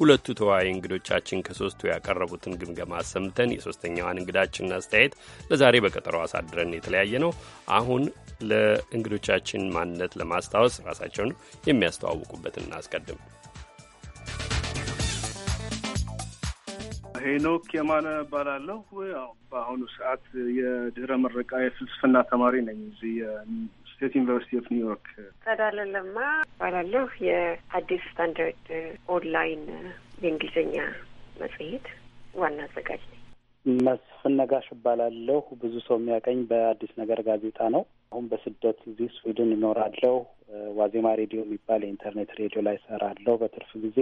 ሁለቱ ተወያይ እንግዶቻችን ከሶስቱ ያቀረቡትን ግምገማ አሰምተን የሶስተኛዋን እንግዳችንን አስተያየት ለዛሬ በቀጠሮ አሳድረን የተለያየ ነው። አሁን ለእንግዶቻችን ማንነት ለማስታወስ ራሳቸውን የሚያስተዋውቁ የሚያውቁበትን እናስቀድም። ሄኖክ የማነ እባላለሁ። ያው በአሁኑ ሰዓት የድህረ ምረቃ የፍልስፍና ተማሪ ነኝ እዚህ ስቴት ዩኒቨርሲቲ ኦፍ ኒውዮርክ። ጸዳለ ለማ እባላለሁ። የአዲስ ስታንዳርድ ኦንላይን የእንግሊዝኛ መጽሔት ዋና አዘጋጅ ነኝ። መስፍን ነጋሽ እባላለሁ። ብዙ ሰው የሚያቀኝ በአዲስ ነገር ጋዜጣ ነው። አሁን በስደት እዚህ ስዊድን እኖራለሁ። ዋዜማ ሬዲዮ የሚባል የኢንተርኔት ሬዲዮ ላይ ሰራለሁ በትርፍ ጊዜ።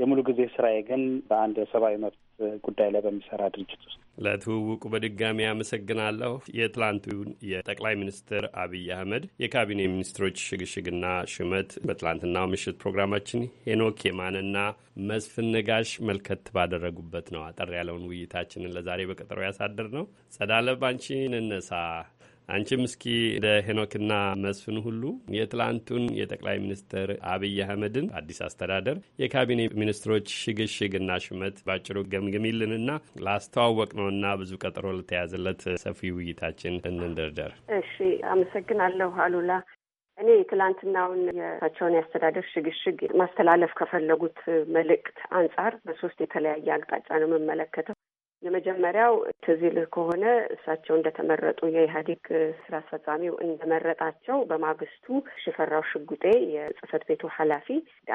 የሙሉ ጊዜ ስራዬ ግን በአንድ የሰብአዊ መብት ጉዳይ ላይ በሚሰራ ድርጅት ውስጥ። ለትውውቁ በድጋሚ አመሰግናለሁ። የትላንቱን የጠቅላይ ሚኒስትር አብይ አህመድ የካቢኔ ሚኒስትሮች ሽግሽግና ሹመት በትላንትናው ምሽት ፕሮግራማችን ሄኖክ የማንና መስፍን ነጋሽ መልከት ባደረጉበት ነው አጠር ያለውን ውይይታችንን ለዛሬ በቀጠሮ ያሳድር ነው። ጸዳለ ባንቺ እንነሳ አንቺም እስኪ እንደ ሄኖክና መስፍን ሁሉ የትላንቱን የጠቅላይ ሚኒስትር አብይ አህመድን አዲስ አስተዳደር የካቢኔ ሚኒስትሮች ሽግሽግና ሹመት ባጭሩ ገምግሚልንና ላስተዋወቅ ነውና ብዙ ቀጠሮ ለተያዘለት ሰፊ ውይይታችን እንንደርደር። እሺ፣ አመሰግናለሁ አሉላ። እኔ ትላንትናውን የእሳቸውን የአስተዳደር ሽግሽግ ማስተላለፍ ከፈለጉት መልእክት አንጻር በሶስት የተለያየ አቅጣጫ ነው የምመለከተው። የመጀመሪያው ትዝ ይልህ ከሆነ እሳቸው እንደተመረጡ የኢህአዴግ ስራ አስፈጻሚው እንደመረጣቸው በማግስቱ ሽፈራው ሽጉጤ የጽህፈት ቤቱ ኃላፊ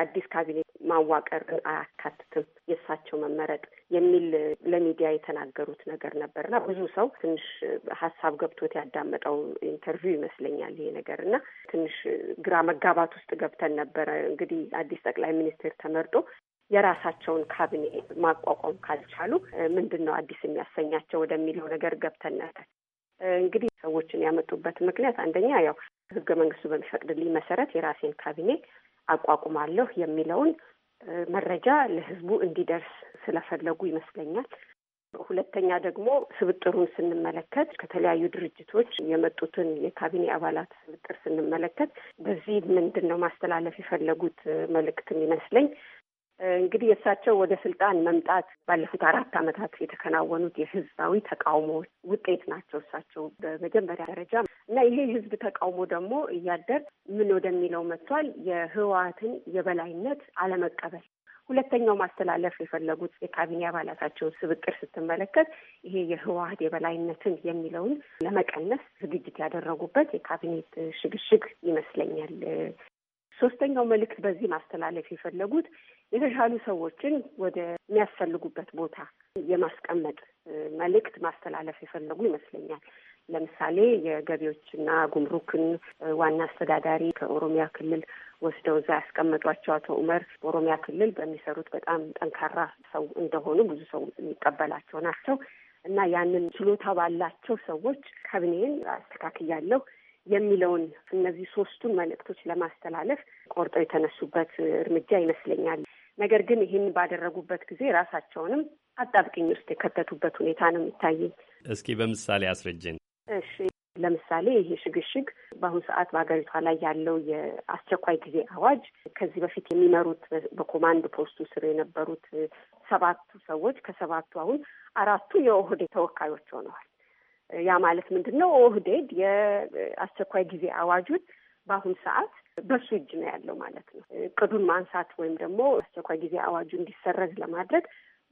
አዲስ ካቢኔት ማዋቀርን አያካትትም የእሳቸው መመረጥ የሚል ለሚዲያ የተናገሩት ነገር ነበርና ብዙ ሰው ትንሽ ሀሳብ ገብቶት ያዳመጠው ኢንተርቪው ይመስለኛል ይሄ ነገር እና ትንሽ ግራ መጋባት ውስጥ ገብተን ነበረ። እንግዲህ አዲስ ጠቅላይ ሚኒስትር ተመርጦ የራሳቸውን ካቢኔ ማቋቋም ካልቻሉ ምንድን ነው አዲስ የሚያሰኛቸው ወደሚለው ነገር ገብተን ነበር። እንግዲህ ሰዎችን ያመጡበት ምክንያት አንደኛ ያው ህገ መንግስቱ በሚፈቅድልኝ መሰረት የራሴን ካቢኔ አቋቁማለሁ የሚለውን መረጃ ለህዝቡ እንዲደርስ ስለፈለጉ ይመስለኛል። ሁለተኛ ደግሞ ስብጥሩን ስንመለከት ከተለያዩ ድርጅቶች የመጡትን የካቢኔ አባላት ስብጥር ስንመለከት በዚህ ምንድን ነው ማስተላለፍ የፈለጉት መልእክት ይመስለኝ? እንግዲህ የእሳቸው ወደ ስልጣን መምጣት ባለፉት አራት አመታት የተከናወኑት የህዝባዊ ተቃውሞዎች ውጤት ናቸው። እሳቸው በመጀመሪያ ደረጃ እና ይሄ የህዝብ ተቃውሞ ደግሞ እያደር ምን ወደሚለው መጥቷል፣ የህወሓትን የበላይነት አለመቀበል። ሁለተኛው ማስተላለፍ የፈለጉት የካቢኔ አባላታቸው ስብቅር ስትመለከት ይሄ የህወሀት የበላይነትን የሚለውን ለመቀነስ ዝግጅት ያደረጉበት የካቢኔት ሽግሽግ ይመስለኛል። ሶስተኛው መልእክት በዚህ ማስተላለፍ የፈለጉት የተሻሉ ሰዎችን ወደሚያስፈልጉበት ቦታ የማስቀመጥ መልእክት ማስተላለፍ የፈለጉ ይመስለኛል። ለምሳሌ የገቢዎችና ጉምሩክን ዋና አስተዳዳሪ ከኦሮሚያ ክልል ወስደው እዛ ያስቀመጧቸው አቶ ኡመር በኦሮሚያ ክልል በሚሰሩት በጣም ጠንካራ ሰው እንደሆኑ ብዙ ሰው የሚቀበላቸው ናቸው እና ያንን ችሎታ ባላቸው ሰዎች ካቢኔን አስተካክያለሁ የሚለውን እነዚህ ሶስቱን መልእክቶች ለማስተላለፍ ቆርጠው የተነሱበት እርምጃ ይመስለኛል። ነገር ግን ይህን ባደረጉበት ጊዜ ራሳቸውንም አጣብቅኝ ውስጥ የከተቱበት ሁኔታ ነው የሚታየኝ። እስኪ በምሳሌ አስረጅን። እሺ፣ ለምሳሌ ይሄ ሽግሽግ በአሁኑ ሰዓት በሀገሪቷ ላይ ያለው የአስቸኳይ ጊዜ አዋጅ ከዚህ በፊት የሚመሩት በኮማንድ ፖስቱ ስር የነበሩት ሰባቱ ሰዎች ከሰባቱ አሁን አራቱ የኦህዴድ ተወካዮች ሆነዋል። ያ ማለት ምንድን ነው? ኦህዴድ የአስቸኳይ ጊዜ አዋጁን በአሁን ሰዓት በሱ እጅ ነው ያለው ማለት ነው። እቅዱን ማንሳት ወይም ደግሞ አስቸኳይ ጊዜ አዋጁ እንዲሰረዝ ለማድረግ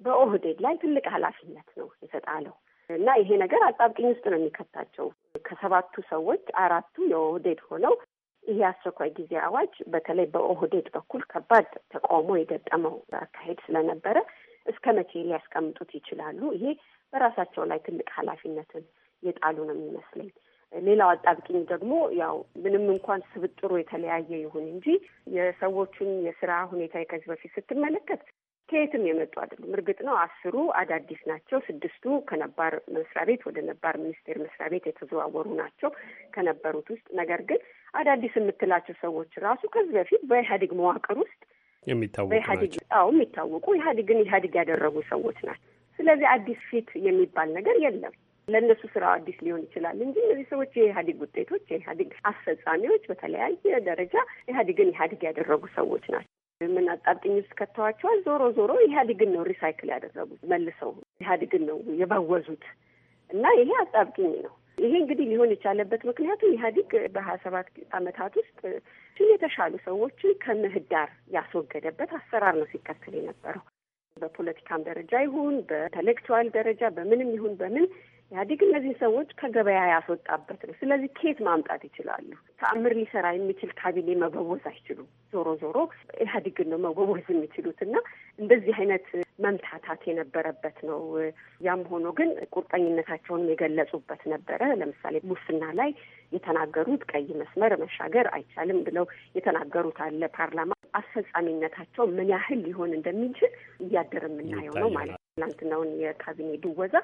በኦህዴድ ላይ ትልቅ ኃላፊነት ነው የተጣለው እና ይሄ ነገር አጣብቂኝ ውስጥ ነው የሚከታቸው። ከሰባቱ ሰዎች አራቱ የኦህዴድ ሆነው ይሄ አስቸኳይ ጊዜ አዋጅ በተለይ በኦህዴድ በኩል ከባድ ተቃውሞ የገጠመው አካሄድ ስለነበረ እስከ መቼ ሊያስቀምጡት ይችላሉ? ይሄ በራሳቸው ላይ ትልቅ ኃላፊነትን የጣሉ ነው የሚመስለኝ። ሌላው አጣብቂኝ ደግሞ ያው ምንም እንኳን ስብጥሩ የተለያየ ይሁን እንጂ የሰዎቹን የስራ ሁኔታ ከዚህ በፊት ስትመለከት ከየትም የመጡ አይደሉም። እርግጥ ነው አስሩ አዳዲስ ናቸው። ስድስቱ ከነባር መስሪያ ቤት ወደ ነባር ሚኒስቴር መስሪያ ቤት የተዘዋወሩ ናቸው ከነበሩት ውስጥ። ነገር ግን አዳዲስ የምትላቸው ሰዎች ራሱ ከዚህ በፊት በኢህአዴግ መዋቅር ውስጥ የሚታወቁ ናቸው የሚታወቁ ኢህአዴግን ኢህአዴግ ያደረጉ ሰዎች ናቸው። ስለዚህ አዲስ ፊት የሚባል ነገር የለም። ለእነሱ ስራው አዲስ ሊሆን ይችላል እንጂ እነዚህ ሰዎች የኢህአዴግ ውጤቶች፣ የኢህአዴግ አስፈጻሚዎች፣ በተለያየ ደረጃ ኢህአዴግን ኢህአዴግ ያደረጉ ሰዎች ናቸው። ምን ውስጥ ከተዋቸዋል። ዞሮ ዞሮ ኢህአዴግን ነው ሪሳይክል ያደረጉት፣ መልሰው ኢህአዴግን ነው የባወዙት እና ይሄ አጣብቅኝ ነው። ይሄ እንግዲህ ሊሆን የቻለበት ምክንያቱ ኢህአዴግ በሀያ ሰባት አመታት ውስጥ የተሻሉ ሰዎችን ከምህዳር ያስወገደበት አሰራር ነው ሲከተል የነበረው። በፖለቲካም ደረጃ ይሁን በኢንተሌክቹዋል ደረጃ በምንም ይሁን በምን ኢህአዴግ እነዚህ ሰዎች ከገበያ ነው። ስለዚህ ኬት ማምጣት ይችላሉ? ተአምር ሊሰራ የሚችል ካቢኔ መበወዝ አይችሉም። ዞሮ ዞሮ ኢህአዴግን ነው መበወዝ የሚችሉት እና እንደዚህ አይነት መምታታት የነበረበት ነው። ያም ሆኖ ግን ቁርጠኝነታቸውንም የገለጹበት ነበረ። ለምሳሌ ሙስና ላይ የተናገሩት ቀይ መስመር መሻገር አይቻልም ብለው የተናገሩት አለ። ፓርላማ አስፈጻሚነታቸው ምን ያህል ሊሆን እንደሚችል እያደር የምናየው ነው ማለት ነው። ትናንትናውን የካቢኔ ድወዛ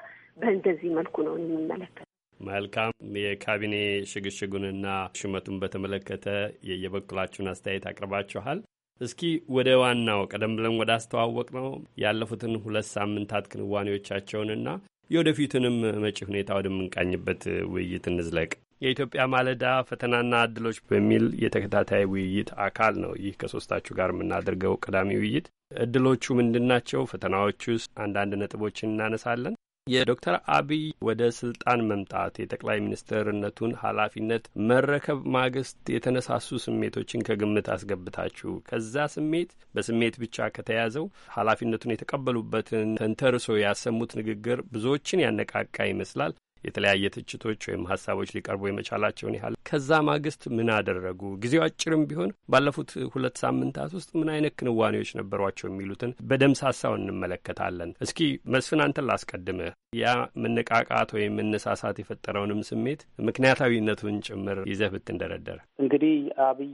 በእንደዚህ መልኩ ነው የምመለከት። መልካም የካቢኔ ሽግሽጉንና ሹመቱን በተመለከተ የየበኩላችሁን አስተያየት አቅርባችኋል። እስኪ ወደ ዋናው ቀደም ብለን ወደ አስተዋወቅ ነው ያለፉትን ሁለት ሳምንታት ክንዋኔዎቻቸውንና የወደፊቱንም መጪ ሁኔታ ወደምንቃኝበት ውይይት እንዝለቅ። የኢትዮጵያ ማለዳ ፈተናና እድሎች በሚል የተከታታይ ውይይት አካል ነው። ይህ ከሶስታችሁ ጋር የምናደርገው ቀዳሚ ውይይት እድሎቹ ምንድን ናቸው? ፈተናዎች ውስጥ አንዳንድ ነጥቦችን እናነሳለን። የዶክተር አብይ ወደ ስልጣን መምጣት የጠቅላይ ሚኒስትርነቱን ኃላፊነት መረከብ ማግስት የተነሳሱ ስሜቶችን ከግምት አስገብታችሁ ከዛ ስሜት በስሜት ብቻ ከተያዘው ኃላፊነቱን የተቀበሉበትን ተንተርሶ ያሰሙት ንግግር ብዙዎችን ያነቃቃ ይመስላል። የተለያየ ትችቶች ወይም ሀሳቦች ሊቀርቡ የመቻላቸውን ያህል ከዛ ማግስት ምን አደረጉ? ጊዜው አጭርም ቢሆን ባለፉት ሁለት ሳምንታት ውስጥ ምን አይነት ክንዋኔዎች ነበሯቸው የሚሉትን በደምሳሳው እንመለከታለን። እስኪ መስፍን አንተን ላስቀድምህ። ያ መነቃቃት ወይም መነሳሳት የፈጠረውንም ስሜት ምክንያታዊነቱን ጭምር ይዘህ ብትንደረደር። እንግዲህ አብይ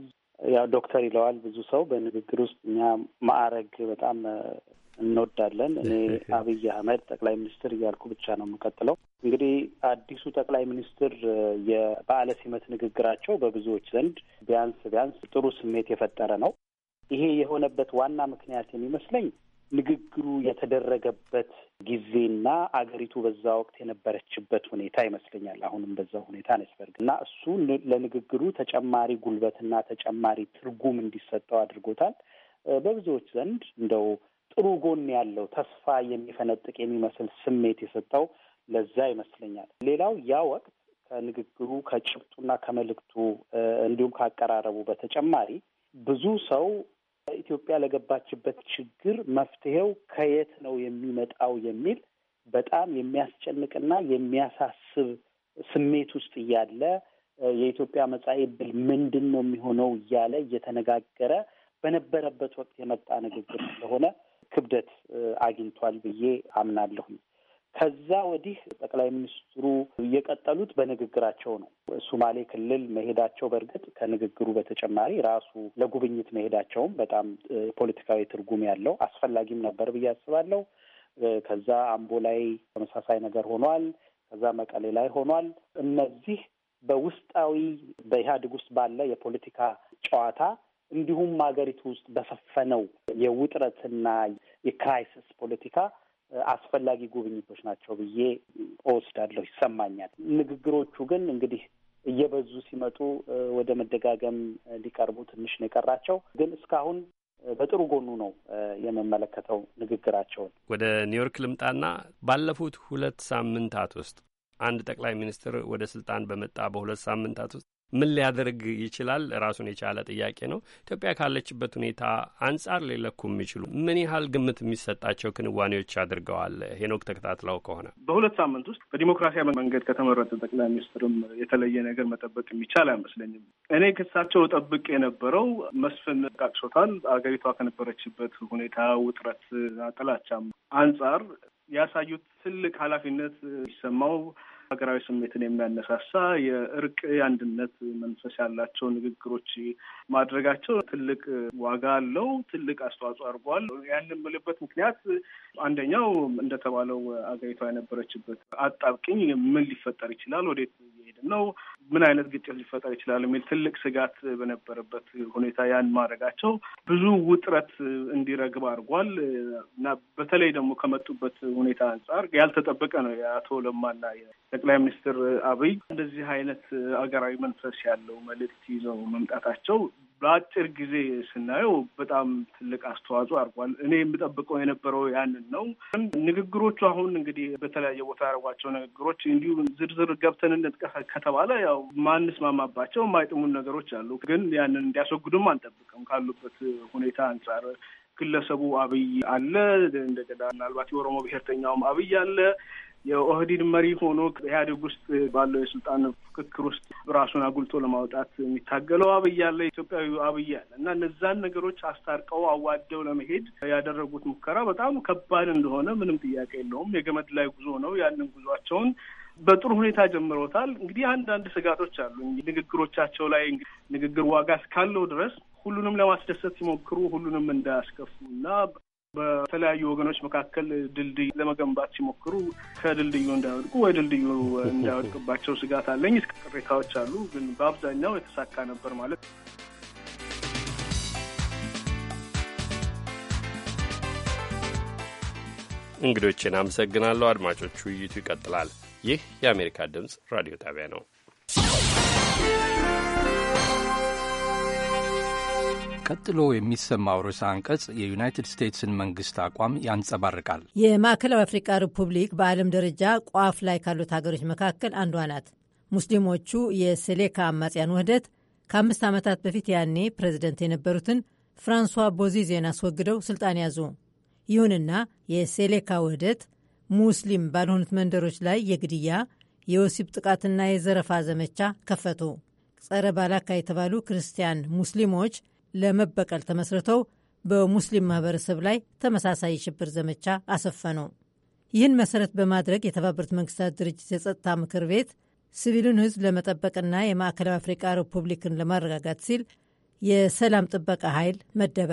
ያው ዶክተር ይለዋል ብዙ ሰው በንግግር ውስጥ እኛ ማዕረግ በጣም እንወዳለን። እኔ አብይ አህመድ ጠቅላይ ሚኒስትር እያልኩ ብቻ ነው የምቀጥለው። እንግዲህ አዲሱ ጠቅላይ ሚኒስትር የበዓለ ሲመት ንግግራቸው በብዙዎች ዘንድ ቢያንስ ቢያንስ ጥሩ ስሜት የፈጠረ ነው። ይሄ የሆነበት ዋና ምክንያት የሚመስለኝ ንግግሩ የተደረገበት ጊዜና አገሪቱ በዛ ወቅት የነበረችበት ሁኔታ ይመስለኛል። አሁንም በዛ ሁኔታ ነች እና እሱ ለንግግሩ ተጨማሪ ጉልበትና ተጨማሪ ትርጉም እንዲሰጠው አድርጎታል። በብዙዎች ዘንድ እንደው ጥሩ ጎን ያለው ተስፋ የሚፈነጥቅ የሚመስል ስሜት የሰጠው ለዛ ይመስለኛል። ሌላው ያ ወቅት ከንግግሩ ከጭብጡና ከመልእክቱ እንዲሁም ካቀራረቡ በተጨማሪ ብዙ ሰው ኢትዮጵያ ለገባችበት ችግር መፍትሄው ከየት ነው የሚመጣው የሚል በጣም የሚያስጨንቅና የሚያሳስብ ስሜት ውስጥ እያለ የኢትዮጵያ መጻኢ ዕድል ምንድን ነው የሚሆነው እያለ እየተነጋገረ በነበረበት ወቅት የመጣ ንግግር ስለሆነ ክብደት አግኝቷል ብዬ አምናለሁ ከዛ ወዲህ ጠቅላይ ሚኒስትሩ የቀጠሉት በንግግራቸው ነው። ሱማሌ ክልል መሄዳቸው በእርግጥ ከንግግሩ በተጨማሪ ራሱ ለጉብኝት መሄዳቸውም በጣም ፖለቲካዊ ትርጉም ያለው አስፈላጊም ነበር ብዬ አስባለሁ። ከዛ አምቦ ላይ ተመሳሳይ ነገር ሆኗል። ከዛ መቀሌ ላይ ሆኗል። እነዚህ በውስጣዊ በኢህአዴግ ውስጥ ባለ የፖለቲካ ጨዋታ እንዲሁም ሀገሪቱ ውስጥ በፈፈነው የውጥረትና የክራይሲስ ፖለቲካ አስፈላጊ ጉብኝቶች ናቸው ብዬ እወስዳለሁ፣ ይሰማኛል። ንግግሮቹ ግን እንግዲህ እየበዙ ሲመጡ ወደ መደጋገም ሊቀርቡ ትንሽ ነው የቀራቸው። ግን እስካሁን በጥሩ ጎኑ ነው የምመለከተው ንግግራቸውን። ወደ ኒውዮርክ ልምጣና ባለፉት ሁለት ሳምንታት ውስጥ አንድ ጠቅላይ ሚኒስትር ወደ ስልጣን በመጣ በሁለት ሳምንታት ውስጥ ምን ሊያደርግ ይችላል? ራሱን የቻለ ጥያቄ ነው። ኢትዮጵያ ካለችበት ሁኔታ አንጻር ሊለኩ የሚችሉ ምን ያህል ግምት የሚሰጣቸው ክንዋኔዎች አድርገዋል? ሄኖክ ተከታትለው ከሆነ በሁለት ሳምንት ውስጥ በዲሞክራሲያዊ መንገድ ከተመረጠ ጠቅላይ ሚኒስትርም የተለየ ነገር መጠበቅ የሚቻል አይመስለኝም። እኔ ከሳቸው ጠብቅ የነበረው መስፍን ቃቅሶታል። አገሪቷ ከነበረችበት ሁኔታ ውጥረት፣ ጥላቻም አንጻር ያሳዩት ትልቅ ኃላፊነት ይሰማው ሀገራዊ ስሜትን የሚያነሳሳ የእርቅ የአንድነት መንፈስ ያላቸው ንግግሮች ማድረጋቸው ትልቅ ዋጋ አለው፣ ትልቅ አስተዋጽኦ አድርጓል። ያን የምልበት ምክንያት አንደኛው እንደተባለው አገሪቷ የነበረችበት አጣብቅኝ ምን ሊፈጠር ይችላል፣ ወዴት እየሄድን ነው፣ ምን አይነት ግጭት ሊፈጠር ይችላል የሚል ትልቅ ስጋት በነበረበት ሁኔታ ያን ማድረጋቸው ብዙ ውጥረት እንዲረግብ አድርጓል እና በተለይ ደግሞ ከመጡበት ሁኔታ አንጻር ያልተጠበቀ ነው የአቶ ለማና ጠቅላይ ሚኒስትር አብይ እንደዚህ አይነት አገራዊ መንፈስ ያለው መልእክት ይዘው መምጣታቸው በአጭር ጊዜ ስናየው በጣም ትልቅ አስተዋጽኦ አድርጓል። እኔ የምጠብቀው የነበረው ያንን ነው። ንግግሮቹ አሁን እንግዲህ በተለያየ ቦታ ያደረጓቸው ንግግሮች እንዲሁ ዝርዝር ገብተን እንጥቀስ ከተባለ ያው ማንስማማባቸው የማይጥሙን ነገሮች አሉ። ግን ያንን እንዲያስወግዱም አንጠብቅም ካሉበት ሁኔታ አንጻር ግለሰቡ አብይ አለ እንደገና ምናልባት የኦሮሞ ብሔርተኛውም አብይ አለ የኦህዲድ መሪ ሆኖ ኢህአዴግ ውስጥ ባለው የስልጣን ፍክክር ውስጥ ራሱን አጉልቶ ለማውጣት የሚታገለው አብይ አለ፣ ኢትዮጵያዊ አብይ አለ እና እነዛን ነገሮች አስታርቀው አዋደው ለመሄድ ያደረጉት ሙከራ በጣም ከባድ እንደሆነ ምንም ጥያቄ የለውም። የገመድ ላይ ጉዞ ነው። ያንን ጉዟቸውን በጥሩ ሁኔታ ጀምሮታል። እንግዲህ አንዳንድ ስጋቶች አሉ። ንግግሮቻቸው ላይ ንግግር ዋጋ እስካለው ድረስ ሁሉንም ለማስደሰት ሲሞክሩ ሁሉንም እንዳያስከፉ እና በተለያዩ ወገኖች መካከል ድልድይ ለመገንባት ሲሞክሩ ከድልድዩ እንዳይወድቁ ወይ ድልድዩ እንዳይወድቅባቸው ስጋት አለኝ። እስከ ቅሬታዎች አሉ፣ ግን በአብዛኛው የተሳካ ነበር ማለት እንግዶችን አመሰግናለሁ። አድማጮቹ ውይይቱ ይቀጥላል። ይህ የአሜሪካ ድምፅ ራዲዮ ጣቢያ ነው። ቀጥሎ የሚሰማው ርዕሰ አንቀጽ የዩናይትድ ስቴትስን መንግስት አቋም ያንጸባርቃል። የማዕከላዊ አፍሪካ ሪፑብሊክ በዓለም ደረጃ ቋፍ ላይ ካሉት ሀገሮች መካከል አንዷ ናት። ሙስሊሞቹ የሴሌካ አማጽያን ውህደት ከአምስት ዓመታት በፊት ያኔ ፕሬዚደንት የነበሩትን ፍራንሷ ቦዚዜን አስወግደው ስልጣን ያዙ። ይሁንና የሴሌካ ውህደት ሙስሊም ባልሆኑት መንደሮች ላይ የግድያ የወሲብ ጥቃትና የዘረፋ ዘመቻ ከፈቱ። ጸረ ባላካ የተባሉ ክርስቲያን ሙስሊሞች ለመበቀል ተመስርተው በሙስሊም ማህበረሰብ ላይ ተመሳሳይ የሽብር ዘመቻ አሰፈኑ። ይህን መሰረት በማድረግ የተባበሩት መንግስታት ድርጅት የጸጥታ ምክር ቤት ሲቪሉን ህዝብ ለመጠበቅና የማዕከላዊ አፍሪቃ ሪፑብሊክን ለማረጋጋት ሲል የሰላም ጥበቃ ኃይል መደበ።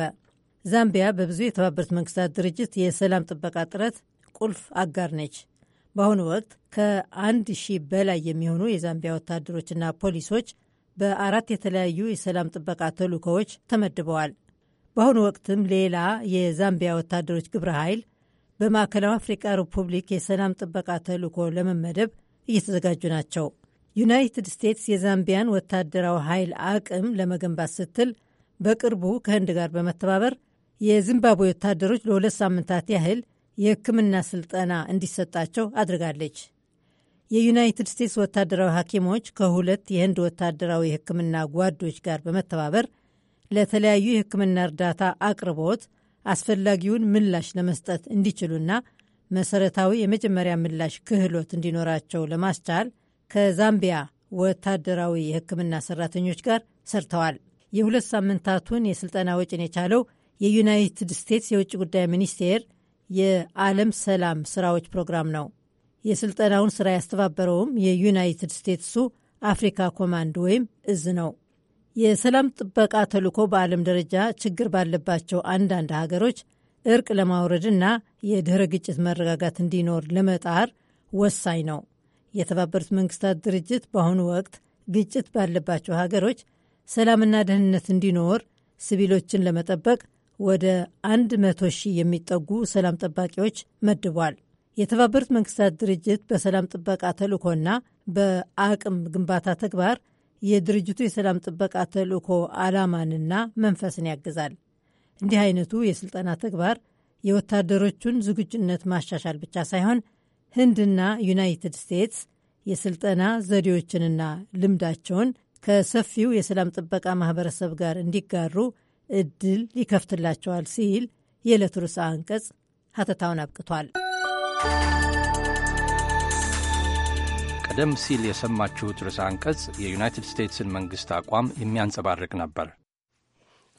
ዛምቢያ በብዙ የተባበሩት መንግስታት ድርጅት የሰላም ጥበቃ ጥረት ቁልፍ አጋር ነች። በአሁኑ ወቅት ከአንድ ሺህ በላይ የሚሆኑ የዛምቢያ ወታደሮችና ፖሊሶች በአራት የተለያዩ የሰላም ጥበቃ ተልእኮዎች ተመድበዋል። በአሁኑ ወቅትም ሌላ የዛምቢያ ወታደሮች ግብረ ኃይል በማዕከላዊ አፍሪካ ሪፑብሊክ የሰላም ጥበቃ ተልእኮ ለመመደብ እየተዘጋጁ ናቸው። ዩናይትድ ስቴትስ የዛምቢያን ወታደራዊ ኃይል አቅም ለመገንባት ስትል በቅርቡ ከህንድ ጋር በመተባበር የዚምባብዌ ወታደሮች ለሁለት ሳምንታት ያህል የሕክምና ስልጠና እንዲሰጣቸው አድርጋለች። የዩናይትድ ስቴትስ ወታደራዊ ሐኪሞች ከሁለት የህንድ ወታደራዊ ህክምና ጓዶች ጋር በመተባበር ለተለያዩ የሕክምና እርዳታ አቅርቦት አስፈላጊውን ምላሽ ለመስጠት እንዲችሉና መሰረታዊ የመጀመሪያ ምላሽ ክህሎት እንዲኖራቸው ለማስቻል ከዛምቢያ ወታደራዊ የሕክምና ሰራተኞች ጋር ሰርተዋል። የሁለት ሳምንታቱን የሥልጠና ወጪን የቻለው የዩናይትድ ስቴትስ የውጭ ጉዳይ ሚኒስቴር የዓለም ሰላም ስራዎች ፕሮግራም ነው። የስልጠናውን ስራ ያስተባበረውም የዩናይትድ ስቴትሱ አፍሪካ ኮማንድ ወይም እዝ ነው። የሰላም ጥበቃ ተልዕኮ በዓለም ደረጃ ችግር ባለባቸው አንዳንድ ሀገሮች እርቅ ለማውረድና የድህረ ግጭት መረጋጋት እንዲኖር ለመጣር ወሳኝ ነው። የተባበሩት መንግስታት ድርጅት በአሁኑ ወቅት ግጭት ባለባቸው ሀገሮች ሰላምና ደህንነት እንዲኖር ሲቪሎችን ለመጠበቅ ወደ አንድ መቶ ሺህ የሚጠጉ ሰላም ጠባቂዎች መድቧል። የተባበሩት መንግስታት ድርጅት በሰላም ጥበቃ ተልእኮና በአቅም ግንባታ ተግባር የድርጅቱ የሰላም ጥበቃ ተልእኮ ዓላማንና መንፈስን ያግዛል። እንዲህ አይነቱ የስልጠና ተግባር የወታደሮቹን ዝግጁነት ማሻሻል ብቻ ሳይሆን ህንድና ዩናይትድ ስቴትስ የስልጠና ዘዴዎችንና ልምዳቸውን ከሰፊው የሰላም ጥበቃ ማህበረሰብ ጋር እንዲጋሩ እድል ይከፍትላቸዋል ሲል የዕለቱ ርዕሰ አንቀጽ ሀተታውን አብቅቷል። ቀደም ሲል የሰማችሁት ርዕሰ አንቀጽ የዩናይትድ ስቴትስን መንግሥት አቋም የሚያንጸባርቅ ነበር።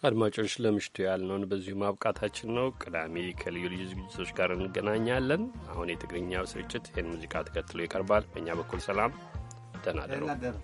አድማጮች፣ ለምሽቱ ያልነውን በዚሁ ማብቃታችን ነው። ቅዳሜ ከልዩ ልዩ ዝግጅቶች ጋር እንገናኛለን። አሁን የትግርኛው ስርጭት ይህን ሙዚቃ ተከትሎ ይቀርባል። በእኛ በኩል ሰላም፣ ደህና ደሩ።